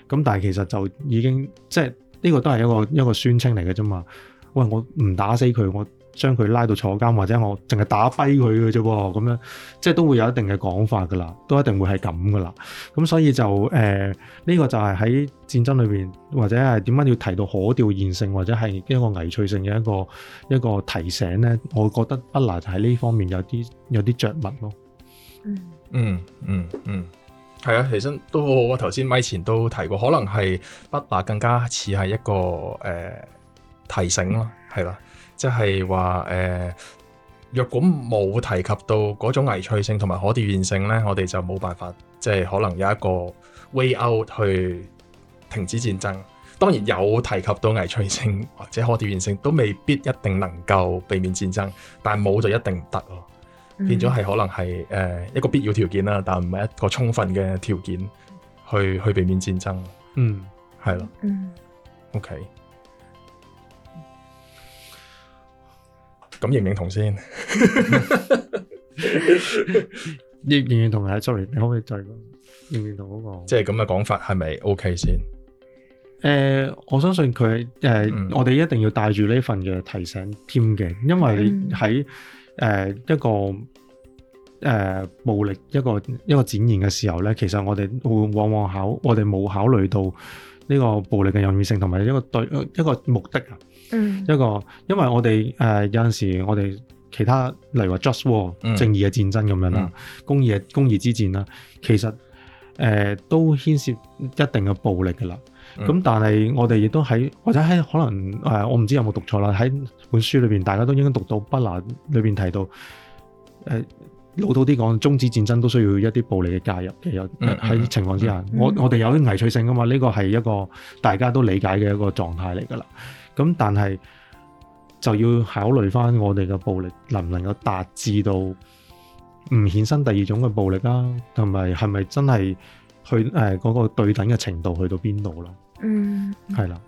咁但係其實就已經即係呢個都係一個一個宣稱嚟嘅啫嘛。喂，我唔打死佢我。將佢拉到坐監，或者我淨係打跛佢嘅啫喎，咁樣即係都會有一定嘅講法噶啦，都一定會係咁噶啦。咁所以就誒，呢、呃這個就係喺戰爭裏邊，或者係點解要提到可弔唁性，或者係一個危脆性嘅一個一個提醒咧。我覺得 Butler 就喺呢方面有啲有啲著墨咯、嗯。嗯嗯嗯嗯，係啊，其實都好好啊。頭先米前都提過，可能係 Butler 更加似係一個誒、呃、提醒咯，係啦。即係話誒，若果冇提及到嗰種危脆性同埋可弔唁性咧，我哋就冇辦法，即係可能有一個 way out 去停止戰爭。當然有提及到危脆性或者可弔唁性，都未必一定能夠避免戰爭，但係冇就一定唔得咯。變咗係可能係誒一個必要條件啦，但唔係一個充分嘅條件去去避免戰爭。嗯，係咯的。嗯，OK。咁認唔認同先？認唔認同啊，Zory，你可唔可以再講認唔認同嗰個？即係咁嘅講法係咪 OK 先？誒，我相信佢誒，我哋一定要帶住呢份嘅提醒添嘅，因為喺誒一個誒暴力一個一個展現嘅時候咧，其實我哋會往往考我哋冇考慮到呢個暴力嘅任意性同埋一個對一個目的啊。嗯、一個，因為我哋誒、呃、有陣時，我哋其他，例如話 just war、嗯、正義嘅戰爭咁樣啦，嗯嗯、公義公義之戰啦，其實誒、呃、都牽涉一定嘅暴力嘅啦。咁、嗯、但係我哋亦都喺或者喺可能誒、呃，我唔知有冇讀錯啦。喺本書裏邊，大家都應該讀到《Butler》裏邊提到誒、呃、老土啲講，終止戰爭都需要一啲暴力嘅介入嘅。有喺、嗯呃、情況之下，嗯嗯、我我哋有啲危險性啊嘛。呢個係一個大家都理解嘅一個狀態嚟㗎啦。咁但係就要考慮翻我哋嘅暴力能唔能夠達至到唔衍生第二種嘅暴力啦，同埋係咪真係去誒嗰個對等嘅程度去到邊度啦？嗯，係啦，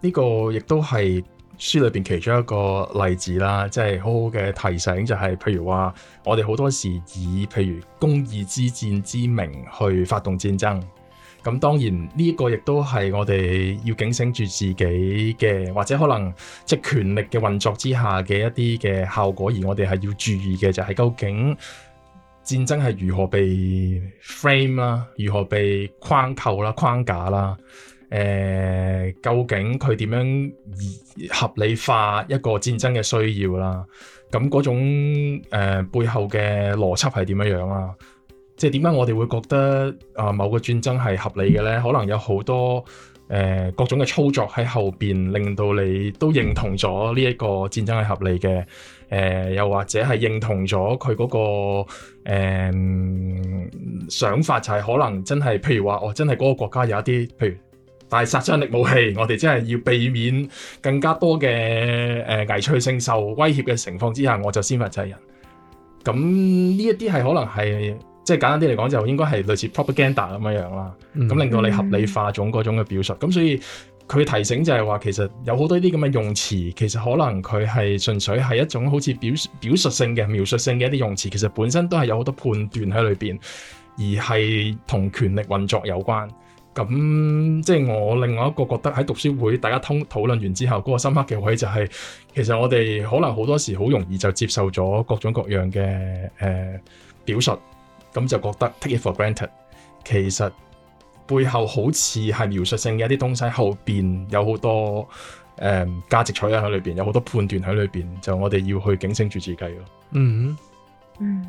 呢個亦都係書裏邊其中一個例子啦，即係好好嘅提醒，就係譬如話我哋好多時以譬如公義之戰之名去發動戰爭。咁當然呢個亦都係我哋要警醒住自己嘅，或者可能即係權力嘅運作之下嘅一啲嘅效果，而我哋係要注意嘅就係究竟戰爭係如何被 frame 啦，如何被框構啦、框架啦，誒、呃、究竟佢點樣合理化一個戰爭嘅需要啦？咁嗰種、呃、背後嘅邏輯係點樣樣啊？即係點解我哋會覺得啊某個戰爭係合理嘅呢？可能有好多誒、呃、各種嘅操作喺後邊，令到你都認同咗呢一個戰爭係合理嘅誒、呃，又或者係認同咗佢嗰個、呃、想法就係可能真係，譬如話我真係嗰個國家有一啲譬如大殺傷力武器，我哋真係要避免更加多嘅誒、呃、危脆性受威脅嘅情況之下，我就先發制人。咁呢一啲係可能係。即係簡單啲嚟講，就應該係類似 propaganda 咁樣樣啦。咁令到你合理化種嗰種嘅表述。咁、mm hmm。所以佢提醒就係話，其實有好多啲咁嘅用詞，其實可能佢係純粹係一種好似表表述性嘅描述性嘅一啲用詞，其實本身都係有好多判斷喺裏邊，而係同權力運作有關。咁即係我另外一個覺得喺讀書會大家通討論完之後，嗰、嗰個深刻嘅位就係、是、其實我哋可能好多時好容易就接受咗各種各樣嘅、呃、表述。咁就覺得 take it for granted，其實背後好似係描述性嘅一啲東西後面，後邊有好多誒價值取向喺裏邊，有好多判斷喺裏邊，就我哋要去警醒住自己咯。嗯嗯、mm，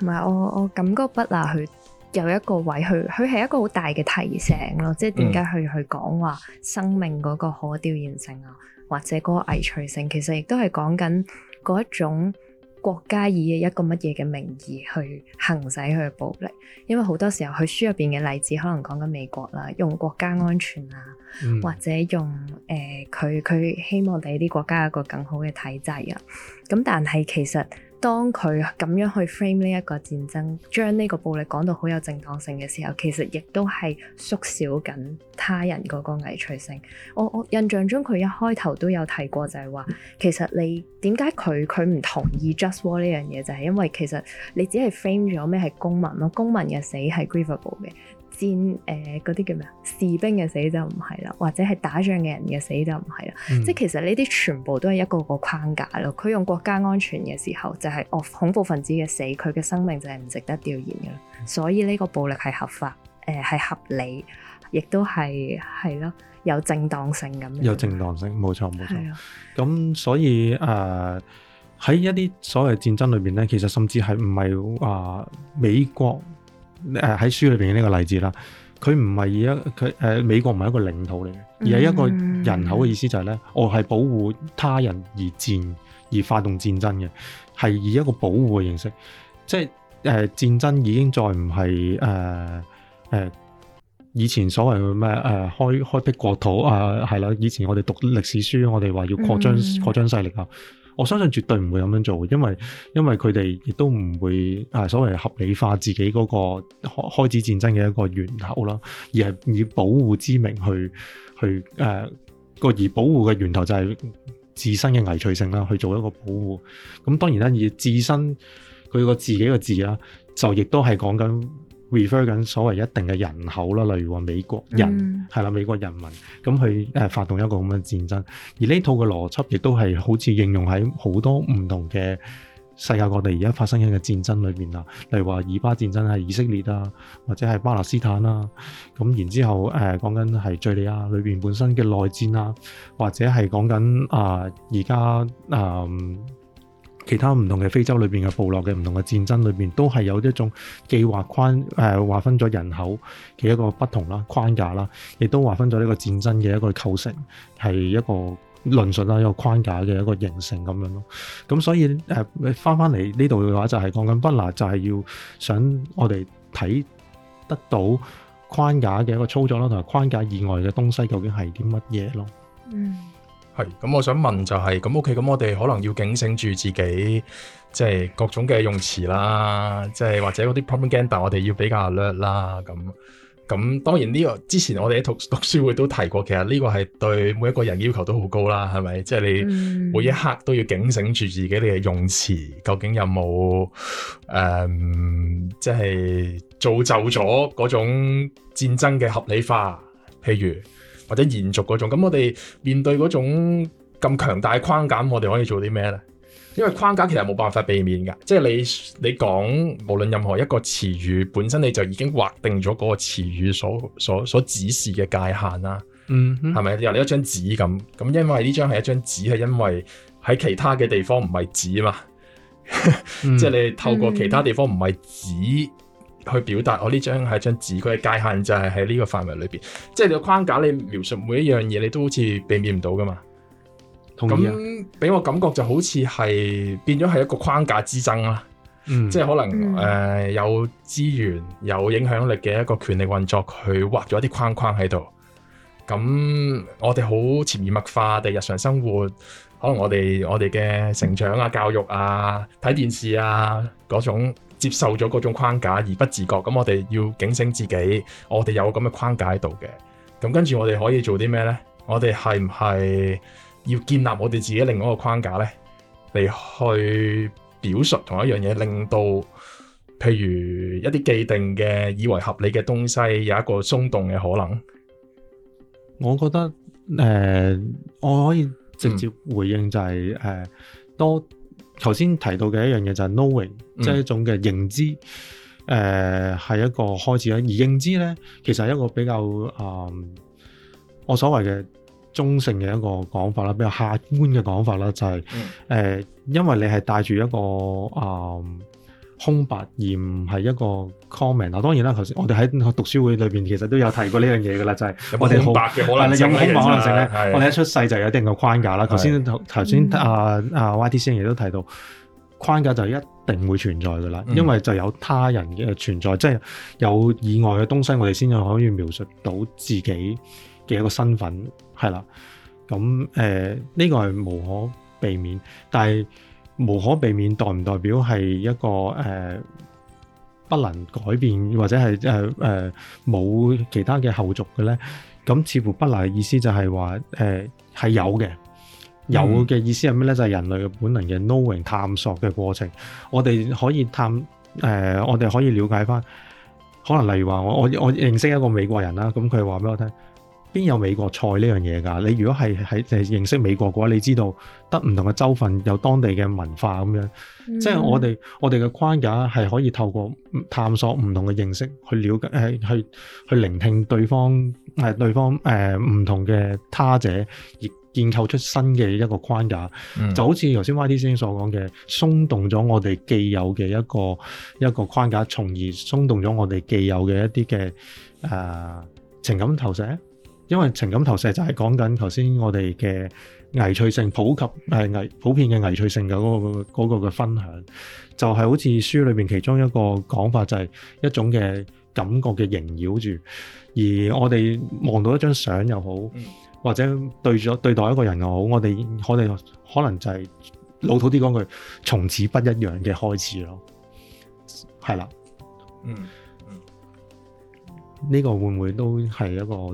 同、hmm. 埋、mm hmm. 我我感覺 Butler，佢有一個位，佢佢係一個好大嘅提醒咯，即係點解去、mm hmm. 去講話生命嗰個可弔唁性啊，或者嗰個危脆性，其實亦都係講緊嗰一種。國家以一個乜嘢嘅名義去行使佢嘅暴力，因為好多時候佢書入面嘅例子可能講緊美國啦，用國家安全啊，嗯、或者用誒佢佢希望你啲國家有個更好嘅體制啊，咁但係其實。當佢咁樣去 frame 呢一個戰爭，將呢個暴力講到好有正當性嘅時候，其實亦都係縮小緊他人嗰個危脆性。我我印象中佢一開頭都有提過就是說，就係話其實你點解佢佢唔同意 just war 呢樣嘢，就係、是、因為其實你只係 frame 咗咩係公民咯，公民嘅死係 grievable 嘅。戰誒，嗰、呃、啲叫咩啊？士兵嘅死就唔係啦，或者係打仗嘅人嘅死就唔係啦。嗯、即係其實呢啲全部都係一個一個框架咯。佢用國家安全嘅時候，就係哦，恐怖分子嘅死，佢嘅生命就係唔值得調研噶啦。所以呢個暴力係合法，誒、呃、係合理，亦都係係咯有正當性咁樣。有正當性，冇錯冇錯。咁、啊、所以誒喺、呃、一啲所謂戰爭裏面咧，其實甚至係唔係話美國。誒喺書裏邊呢個例子啦，佢唔係以一佢誒，美國唔係一個領土嚟嘅，而係一個人口嘅意思就係、是、咧，我係保護他人而戰而發動戰爭嘅，係以一個保護嘅形式，即係誒、呃、戰爭已經再唔係誒誒以前所謂嘅咩誒、呃、開開闢國土啊，係、呃、啦，以前我哋讀歷史書，我哋話要擴張、嗯、擴張勢力啊。我相信絕對唔會咁樣做，因為因為佢哋亦都唔會啊，所謂合理化自己嗰個開始戰爭嘅一個源頭啦，而係以保護之名去去誒個、呃、而保護嘅源頭就係自身嘅危脆性啦，去做一個保護。咁當然啦，以自身佢個自己個字啦，就亦都係講緊，refer 緊所謂一定嘅人口啦，例如話美國人係啦、嗯、美國人民咁去誒發動一個咁嘅戰爭，而呢套嘅邏輯亦都係好似應用喺好多唔同嘅世界各地而家發生緊嘅戰爭裏邊啊，例如話以巴戰爭係以色列啊，或者係巴勒斯坦啦、啊，咁然之後誒講緊係敍利亞裏邊本身嘅內戰啊，或者係講緊啊而家啊。呃其他唔同嘅非洲裏邊嘅部落嘅唔同嘅戰爭裏邊，都係有一種計劃框誒、呃、劃分咗人口嘅一個不同啦框架啦，亦都劃分咗呢個戰爭嘅一個構成，係一個論述啦，一個框架嘅一個形成咁樣咯。咁所以誒，你翻翻嚟呢度嘅話，就係講緊 Butler，就係要想我哋睇得到框架嘅一個操作啦，同埋框架以外嘅東西究竟係啲乜嘢咯。嗯。係，咁我想問就係，咁 OK，咁我哋可能要警醒住自己，即係各種嘅用詞啦，即係或者嗰啲 propaganda，我哋要比較 alert 啦，咁，咁當然呢個之前我哋喺讀讀書會都提過，其實呢個係對每一個人要求都好高啦，係咪？即係你每一刻都要警醒住自己，你嘅用詞究竟有冇誒，即係造就咗嗰種戰爭嘅合理化，譬如。或者延續嗰種，咁我哋面對嗰種咁強大嘅框架，我哋可以做啲咩咧？因為框架其實冇辦法避免㗎，即係你你講無論任何一個詞語，本身你就已經劃定咗嗰個詞語所所所指示嘅界限啦、嗯。嗯，係咪又你一張紙咁咁？咁因為呢張係一張紙，係因為喺其他嘅地方唔係紙嘛。即係、嗯、 你透過其他地方唔係紙。嗯嗯去表達我呢張係張紙，佢嘅界限就係喺呢個範圍裏邊，即係你個框架，你描述每一樣嘢，你都好似避免唔到㗎嘛。咁俾、啊、我感覺就好似係變咗係一個框架之爭啦。嗯、即係可能誒、嗯呃、有資源、有影響力嘅一個權力運作，佢畫咗啲框框喺度。咁我哋好潛移默化地日常生活，可能我哋我哋嘅成長啊、教育啊、睇電視啊嗰種。接受咗嗰種框架而不自覺，咁我哋要警醒自己，我哋有咁嘅框架喺度嘅。咁跟住我哋可以做啲咩呢？我哋係唔係要建立我哋自己另外一個框架呢？嚟去表述同一樣嘢，令到譬如一啲既定嘅以為合理嘅東西有一個鬆動嘅可能？我覺得誒、呃，我可以直接回應就係、是、誒、呃、多。頭先提到嘅一樣嘢就係 knowing，即係一種嘅認知，誒係、嗯呃、一個開始啦。而認知咧，其實係一個比較啊、嗯，我所謂嘅中性嘅一個講法啦，比較客觀嘅講法啦，就係、是嗯呃、因為你係帶住一個啊。嗯空白而唔係一個 comment 啊！當然啦，頭先我哋喺讀書會裏邊其實都有提過呢樣嘢嘅啦，就係、是、我哋空白嘅可能，有希望可能性咧。的我哋一出世就有一定嘅框架啦。頭先頭先啊、嗯、啊 Y T C 亦都提到框架就一定會存在嘅啦，因為就有他人嘅存在，嗯、即係有以外嘅東西，我哋先至可以描述到自己嘅一個身份，係啦。咁誒，呢、呃這個係無可避免，但係。無可避免，代唔代表係一個誒、呃、不能改變，或者係誒誒冇其他嘅後續嘅咧？咁似乎不能嘅意思就係話誒係有嘅，有嘅意思係咩咧？就係、是、人類嘅本能嘅 knowing 探索嘅過程，我哋可以探誒、呃，我哋可以了解翻。可能例如話，我我我認識一個美國人啦，咁佢話俾我聽。邊有美國菜呢樣嘢㗎？你如果係係係認識美國嘅話，你知道得唔同嘅州份有當地嘅文化咁樣，嗯、即係我哋我哋嘅框架係可以透過探索唔同嘅認識去了解，係、呃、係去，去聆聽對方係、呃、對方誒唔、呃、同嘅他者而建構出新嘅一個框架，嗯、就好似頭先 Y.T. 先生所講嘅鬆動咗我哋既有嘅一個一個框架，從而鬆動咗我哋既有嘅一啲嘅誒情感投射。因為情感投射就係講緊頭先我哋嘅危脆性普及誒危普遍嘅危脆性嘅嗰、嗰個嘅、嗰個、分享，就係、是、好似書裏邊其中一個講法，就係一種嘅感覺嘅縈繞住。而我哋望到一張相又好，或者對住對待一個人又好，我哋我哋可能就係老土啲講句，從此不一樣嘅開始咯。係啦，嗯，呢個會唔會都係一個？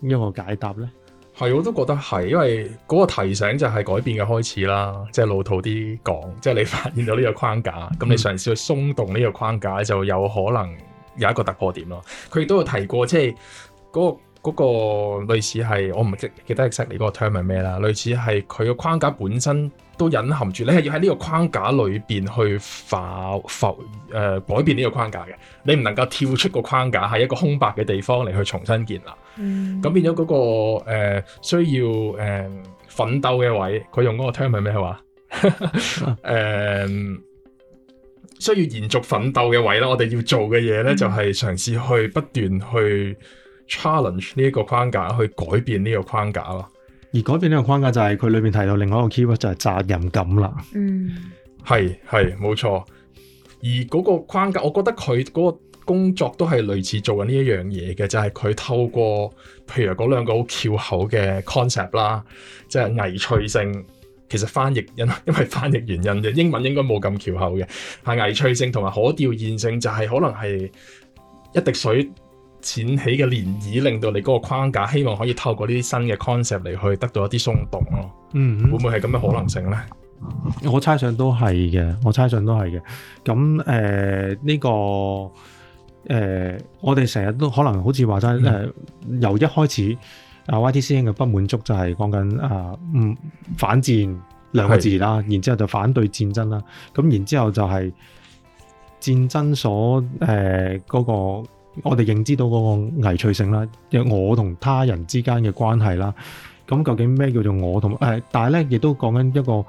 一我解答咧，係我都覺得係，因為嗰個提醒就係改變嘅開始啦。即係老土啲講，即係你發現到呢個框架，咁 你嘗試去鬆動呢個框架，就有可能有一個突破點咯。佢亦都有提過，即係嗰個、嗰個類似係，我唔記記得 exactly 嗰個 term 係咩啦。類似係佢個框架本身。都隱含住，你係要喺呢個框架裏面去化浮誒、呃、改變呢個框架嘅，你唔能夠跳出個框架喺一個空白嘅地方嚟去重新建立。咁、嗯、變咗嗰、那個、呃、需要誒、呃、奮鬥嘅位，佢用嗰個 term 係咩話？誒、 呃、需要延續奮鬥嘅位咯，我哋要做嘅嘢咧就係嘗試去不斷去 challenge 呢一個框架，去改變呢個框架咯。而改變呢個框架就係佢裏邊提到另外一個 keyword 就係責任感啦。嗯，係係冇錯。而嗰個框架，我覺得佢嗰個工作都係類似做緊呢一樣嘢嘅，就係、是、佢透過譬如嗰兩個好翹口嘅 concept 啦，即係危脆性。其實翻譯因因為翻譯原因嘅英文應該冇咁翹口嘅，係危脆性同埋可弔唁性，就係可能係一滴水。掀起嘅漣漪，令到你嗰個框架，希望可以透過呢啲新嘅 concept 嚟,去得到一啲鬆動咯、嗯。嗯，會唔會係咁嘅可能性咧？我猜想都係嘅、呃這個呃，我猜想都係嘅。咁誒，呢個誒，我哋成日都可能好似話齋誒，由一開始啊 YT 師兄嘅不滿足就係講緊啊，唔、呃、反戰兩個字啦，的然之後就反對戰爭啦，咁然之後就係戰爭所誒嗰、呃那個。我哋認知到嗰個危脆性啦，即我同他人之間嘅關係啦。咁究竟咩叫做我同誒？但係咧，亦都講緊一個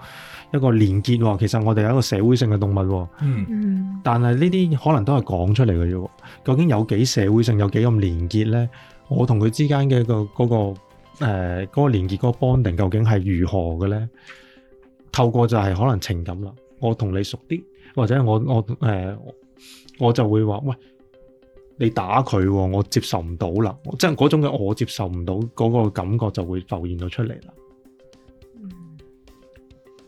一個連結。其實我哋係一個社會性嘅動物。嗯，但係呢啲可能都係講出嚟嘅啫。究竟有幾社會性，有幾咁連結咧？我同佢之間嘅、嗰個嗰、嗰個誒嗰、呃嗰個連結嗰、嗰個 bonding 究竟係如何嘅咧？透過就係可能情感啦。我同你熟啲，或者我我誒、呃、我就會話喂。你打佢，我接受唔到啦！即係嗰種嘅，我接受唔到嗰個感覺就會浮現到出嚟啦。嗯、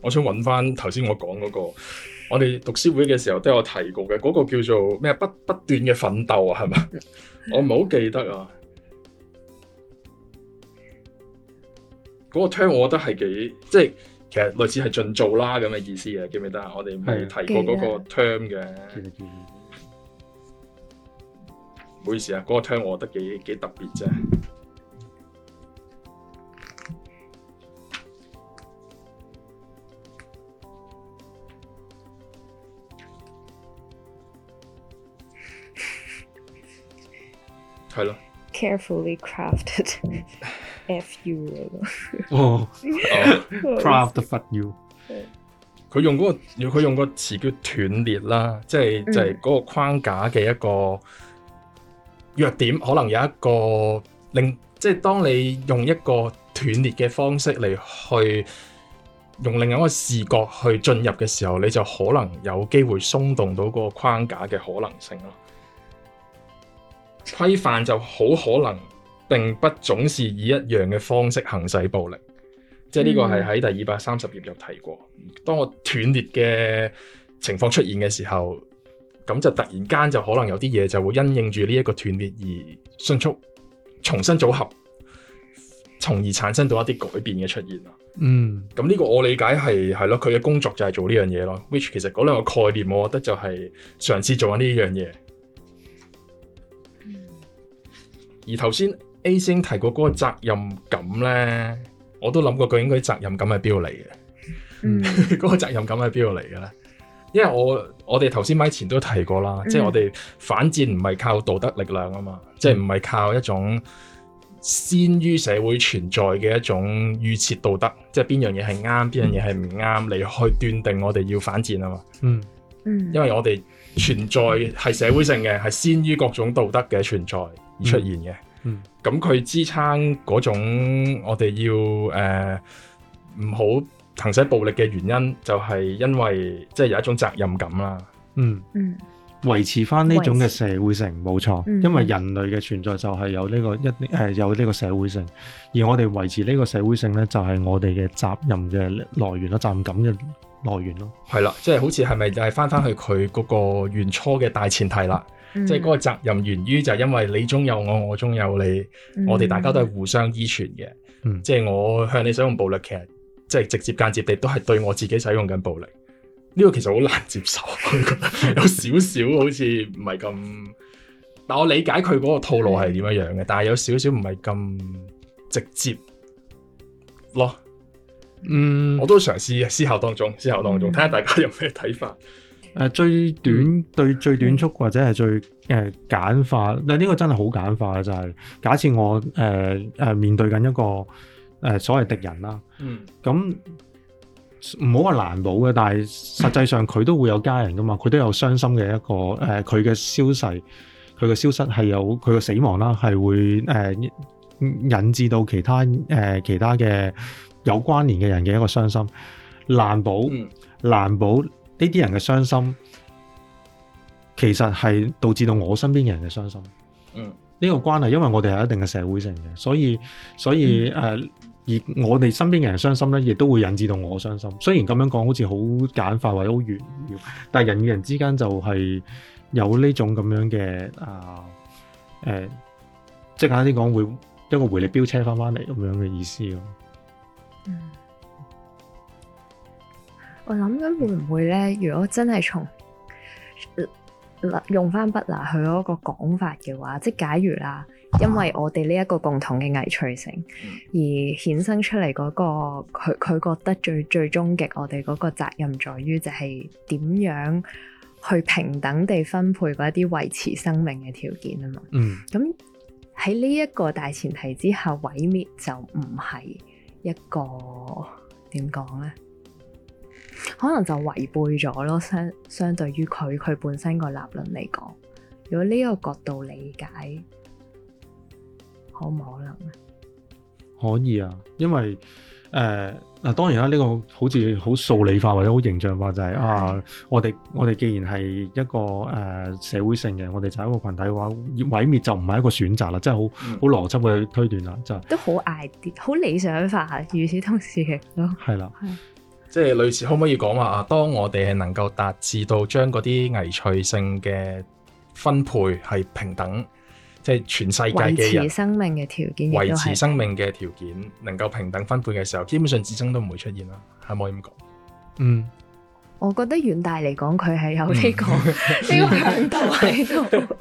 我想搵翻頭先我講嗰個，我哋讀書會嘅時候都有提過嘅，嗰個叫做咩不不斷嘅奮鬥啊，係咪？是的我唔係好記得啊。嗰個 term 我覺得係幾即係，其實類似係盡做啦咁嘅意思嘅，記唔記得啊？我哋提過嗰個 term 嘅。是的唔好意思啊，嗰個聽我覺得幾幾特別啫。係咯。Carefully crafted fu 咯。哦。Crafted fu。佢用嗰個，佢用個詞叫斷裂啦，即係就係嗰個框架嘅一個。弱點可能有一個令，即係當你用一個斷裂嘅方式嚟去用另一個視角去進入嘅時候，你就可能有機會鬆動到個框架嘅可能性咯。規範就好可能並不總是以一樣嘅方式行使暴力，即係呢個係喺第二百三十頁有提過。當我斷裂嘅情況出現嘅時候，咁就突然間就可能有啲嘢就會因應住呢一個斷裂而迅速重新組合，從而產生到一啲改變嘅出現咯。嗯，咁呢個我理解係係咯，佢嘅工作就係做呢樣嘢咯。Which 其實嗰兩個概念，我覺得就係嘗試做緊呢樣嘢。而頭先 A 星提過嗰個責任感咧，我都諗過佢應該責任感係邊度嚟嘅？嗯，嗰 個責任感係邊度嚟嘅咧？因為我我哋頭先咪前都提過啦，嗯、即係我哋反戰唔係靠道德力量啊嘛，嗯、即係唔係靠一種先於社會存在嘅一種預設道德，嗯、即係邊樣嘢係啱，邊樣嘢係唔啱嚟去斷定我哋要反戰啊嘛。嗯嗯，因為我哋存在係社會性嘅，係、嗯、先於各種道德嘅存在而出現嘅、嗯。嗯，咁佢支撐嗰種我哋要誒唔好，呃行使暴力嘅原因就係因為即係有一種責任感啦。嗯嗯，維持翻呢種嘅社會性冇錯，因為人類嘅存在就係有呢、呢個一誒有呢個社會性，而我哋維持呢個社會性咧，就係我哋嘅責任嘅來源咯，責任感嘅來源咯。係啦，即係好似係咪就係翻翻去佢嗰個原初嘅大前提啦？嗯、即係嗰個責任源於就係因為你中有我，我中有你，我哋大家都係互相依存嘅。嗯、即係我向你使用暴力，其實。即係直接間接地都係對我自己使用緊暴力，呢、呢個其實好難接受， 有少少好似唔係咁。 但我理解佢嗰個套路係、嗯、點樣樣嘅，但係有少少唔係咁直接咯。嗯，我都嘗試思考當中，思考當中，睇下大家有咩睇法。誒、呃，最短對最短促或者係最誒簡化，但呢、嗯呃呢個真係好簡化嘅就係、係、假設我誒誒、呃呃、面對緊一個。誒所謂敵人啦，咁唔好話難保嘅，但係實際上佢都會有家人㗎嘛，佢都有傷心嘅一個誒，佢、呃、嘅消逝、佢嘅消失係有佢嘅死亡啦，係會誒引致到其他誒、呃、其他嘅有關聯嘅人嘅一個傷心，難保、嗯、難保呢啲人嘅傷心，其實係導致到我身邊嘅人嘅傷心，嗯，呢個關係，因為我哋係一定嘅社會性嘅，所以所以誒。嗯呃而我哋身邊嘅人傷心咧，亦都會引致到我傷心。雖然咁樣講好似好簡化或者好玄妙，但係人與人之間就係有呢種咁樣嘅啊誒、呃，即係簡啲講，會一個回力標車翻翻嚟咁樣嘅意思咯、嗯。我諗緊會唔會咧？如果真係從嗱用翻 Butler 佢嗰個講法嘅話，即係假如啦。因為我哋呢一個共同嘅危脆性，嗯、而衍生出嚟嗰、嗰個佢佢覺得最最終極，我哋嗰個責任在於就係點樣去平等地分配嗰一啲維持生命嘅條件啊嘛。嗯，咁喺呢一個大前提之下，毀滅就唔係一個點講呢，可能就違背咗咯。相相對於佢佢本身個立論嚟講，如果呢個角度理解。可唔可能、啊、可以啊，因為誒嗱、呃，當然啦，呢、這個好似好數理化或者好形象化、就是，就係的啊，我哋我哋既然係一個誒、呃、社會性嘅，我哋就係一個群體嘅話，毀滅就唔係一個選擇啦，真係好好邏輯嘅推斷啦，就都好 idea，好理想化。與此同時嘅，咯，係啦，即係類似，可唔可以講話啊？當我哋係能夠達至到將嗰啲危脆性嘅分配係平等。即係全世界嘅人，維持生命嘅條件，維持生命嘅條件能夠平等分配嘅時候，基本上戰爭都唔會出現啦。係咪咁講？嗯，我覺得遠大嚟講，佢係有呢、呢個呢、嗯、 個向度喺度。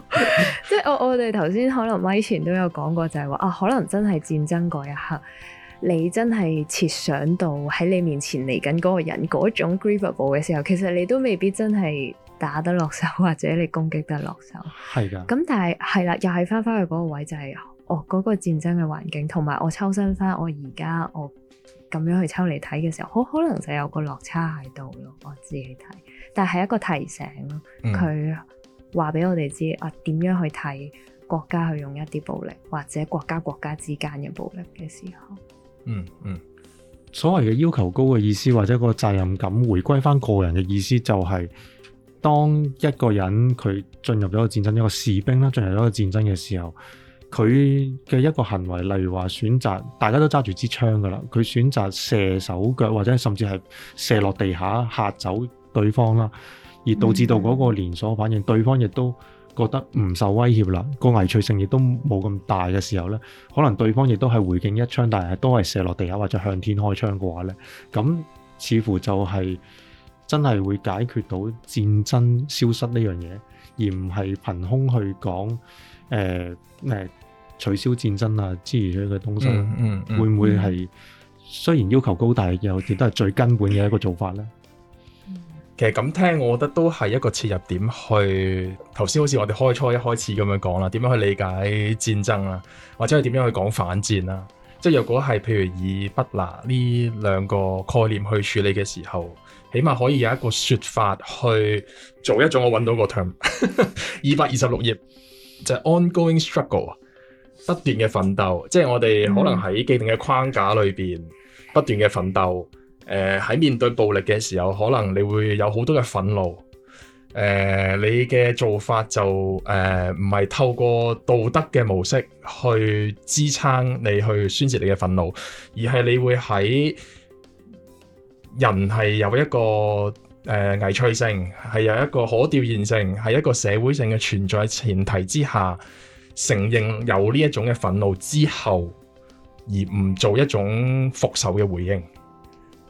即係我我哋頭先可能咪以前都有講過就說，就係話啊，可能真係戰爭嗰一刻，你真係設想到喺你面前嚟緊嗰個人嗰種 grievable 嘅時候，其實你都未必真係。打得落手或者你攻擊得落手，係㗎的。咁但係係啦，又係返返去嗰個位、就是，就係哦，嗰、那個戰爭嘅環境，同埋我抽身返，我而家我咁樣去抽嚟睇嘅時候，好、哦、可能就有個落差喺度咯。我自己睇，但係一個提醒咯，佢話俾我哋知啊點樣去睇國家去用一啲暴力，或者國家國家之間嘅暴力嘅時候。嗯嗯，所謂嘅要求高嘅意思，或者個責任感，回歸返個人嘅意思就係、是。當一個人佢進入咗個戰爭，一個士兵啦進入咗個戰爭嘅時候，佢嘅一個行為，例如話選擇大家都揸住支槍㗎喇，佢選擇射手腳或者甚至係射落地下嚇走對方啦，而導致到嗰個連鎖反應，嗯、對方亦都覺得唔受威脅啦，個危脆性亦都冇咁大嘅時候呢，可能對方亦都係回敬一槍，但係都係射落地下或者向天開槍嘅話呢，咁似乎就係、是。真係會解決到戰爭消失呢樣嘢，而唔係憑空去講誒誒取消戰爭啊之類嘅東西。嗯嗯、會唔會係、嗯、雖然要求高大，但又亦都係最根本嘅一個做法咧？其實咁聽，我覺得都係一個切入點去頭先，剛才好似我哋開初一開始咁樣講啦，點樣去理解戰爭啊，或者係點樣去講反戰啊？即係若果係譬如以不拿呢兩個概念去處理嘅時候。起碼可以有一個說法去做一種。 我揾到個 term，二百二十六頁就係、ongoing struggle 不斷嘅奮鬥。即、就、係、是、我哋可能喺既定嘅框架裏面不斷嘅奮鬥。誒、呃、喺面對暴力嘅時候，可能你會有好多嘅憤怒。呃、你嘅做法就誒唔係透過道德嘅模式去支撐你去宣泄你嘅憤怒，而係你會喺。人係有一個誒、呃、危脆性，係有一個可弔唁性，係一個社會性嘅存在前提之下，承認有呢一種嘅憤怒之後，而唔做一種復仇嘅回應，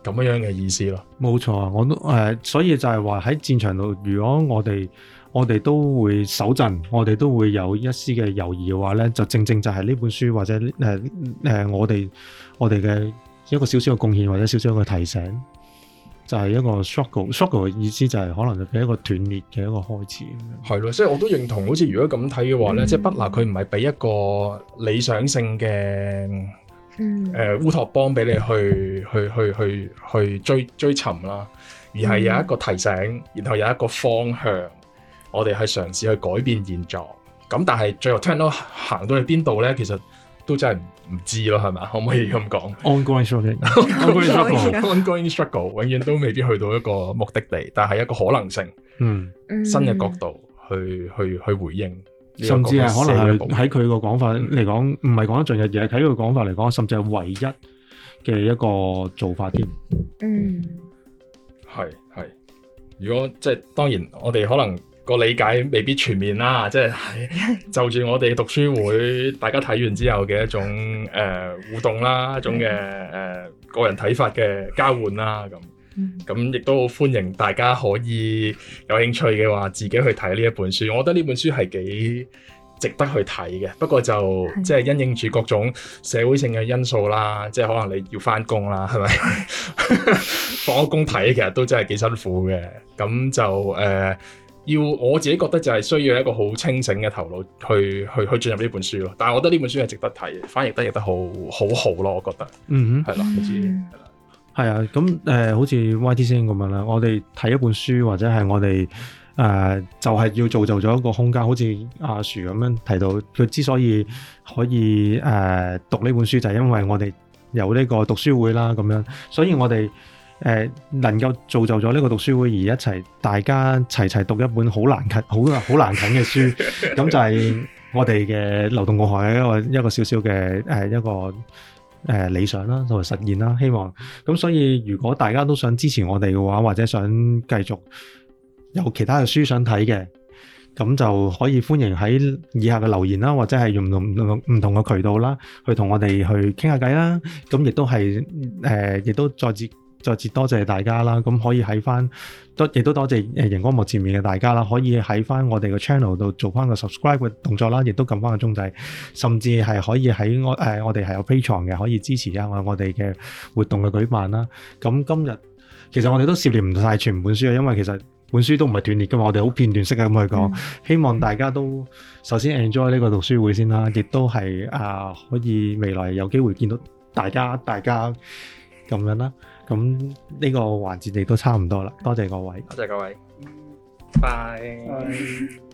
咁樣嘅意思咯。冇錯，我都誒，所以就係話喺戰場度，如果我哋我哋都會守陣，我哋都會有一絲嘅猶豫嘅話咧，就正正就係呢本書或者誒誒我哋我哋嘅。一個小小嘅貢獻或者小少一個提醒，就係、是、一個 shockle shockle 嘅意思，就係可能就俾一個斷裂嘅一個開始。係咯，所以我都認同，好似如果咁睇嘅話咧，嗯、即係 Butler，佢唔係俾一個理想性嘅誒、呃、烏托邦俾你去去去去去追追尋啦，而係有一個提醒，然後有一個方向，我哋去嘗試去改變現狀。咁但係最後聽到行到去邊度咧，其實都真係唔。唔知咯，係咪啊？可唔可以咁講？ongoing struggle，ongoing struggle，ongoing struggle，永遠都未必去到一個目的地，但係一個可能性，嗯，新嘅角度去去去回應，甚至係可能喺佢個講法嚟講，唔係講得盡嘅嘢，喺佢個講法嚟講，甚至係唯一嘅一個做法添。嗯，係係。如果即係當然，我哋可能。我理解未必全面啦，即係就住、是、我哋讀書會， 大家睇完之後嘅一種誒、呃、互動啦，一種嘅誒、呃、個人睇法嘅交換啦，咁咁亦都好歡迎大家可以有興趣嘅話，自己去睇呢一本書。我覺得呢本書係幾值得去睇嘅，不過就即係 因應住各種社會性嘅因素啦，即、就、係、是、可能你要翻工啦，係咪放咗工睇，其實都真係幾辛苦嘅，咁就誒。呃要我自己覺得就係需要一個好清醒嘅頭腦去去去進入呢本書咯，但係我覺得呢本書係值得睇嘅，翻譯都譯得好好好、啊、咯，我覺得。嗯哼，係啦，係啊，咁誒、呃，好似 YT 先咁樣啦，我哋睇一本書或者係我哋誒、呃、就係、是、要造就咗一個空間，好似阿樹咁樣提到，佢之所以可以誒、呃、讀呢本書就係、是、因為我哋有呢個讀書會啦咁樣，所以我哋。Mm hmm. 誒能夠造就咗呢個讀書會而一齊，大家齊齊讀一本好難啃、好好難啃嘅書，咁 就係我哋嘅流動共學一個一個少少嘅誒一個誒、呃、理想啦，同埋實現啦。希望咁，所以如果大家都想支持我哋嘅話，或者想繼續有其他嘅書想睇嘅，咁就可以歡迎喺以下嘅留言啦，或者係用用唔同唔同嘅渠道啦，去同我哋去傾下偈啦。咁、呃、亦都係誒，亦都再接。再次多謝大家啦，咁可以喺翻都亦都多謝螢光幕前面嘅大家啦。可以喺翻我哋嘅 channel 度做翻個 subscribe 嘅動作啦，亦都撳翻個鐘仔。甚至係可以喺、呃、我誒我哋係有 Patreon 嘅，可以支持一下我哋嘅活動嘅舉辦啦。咁今日其實我哋都涉獵唔晒全本書啊，因為其實本書都唔係斷裂嘅嘛，我哋好片段式咁去講。說的希望大家都首先 enjoy 呢個讀書會先啦，亦都係啊可以未來有機會見到大家大家咁樣啦。咁呢個環節亦都差唔多喇，多謝各位，多謝各位，拜。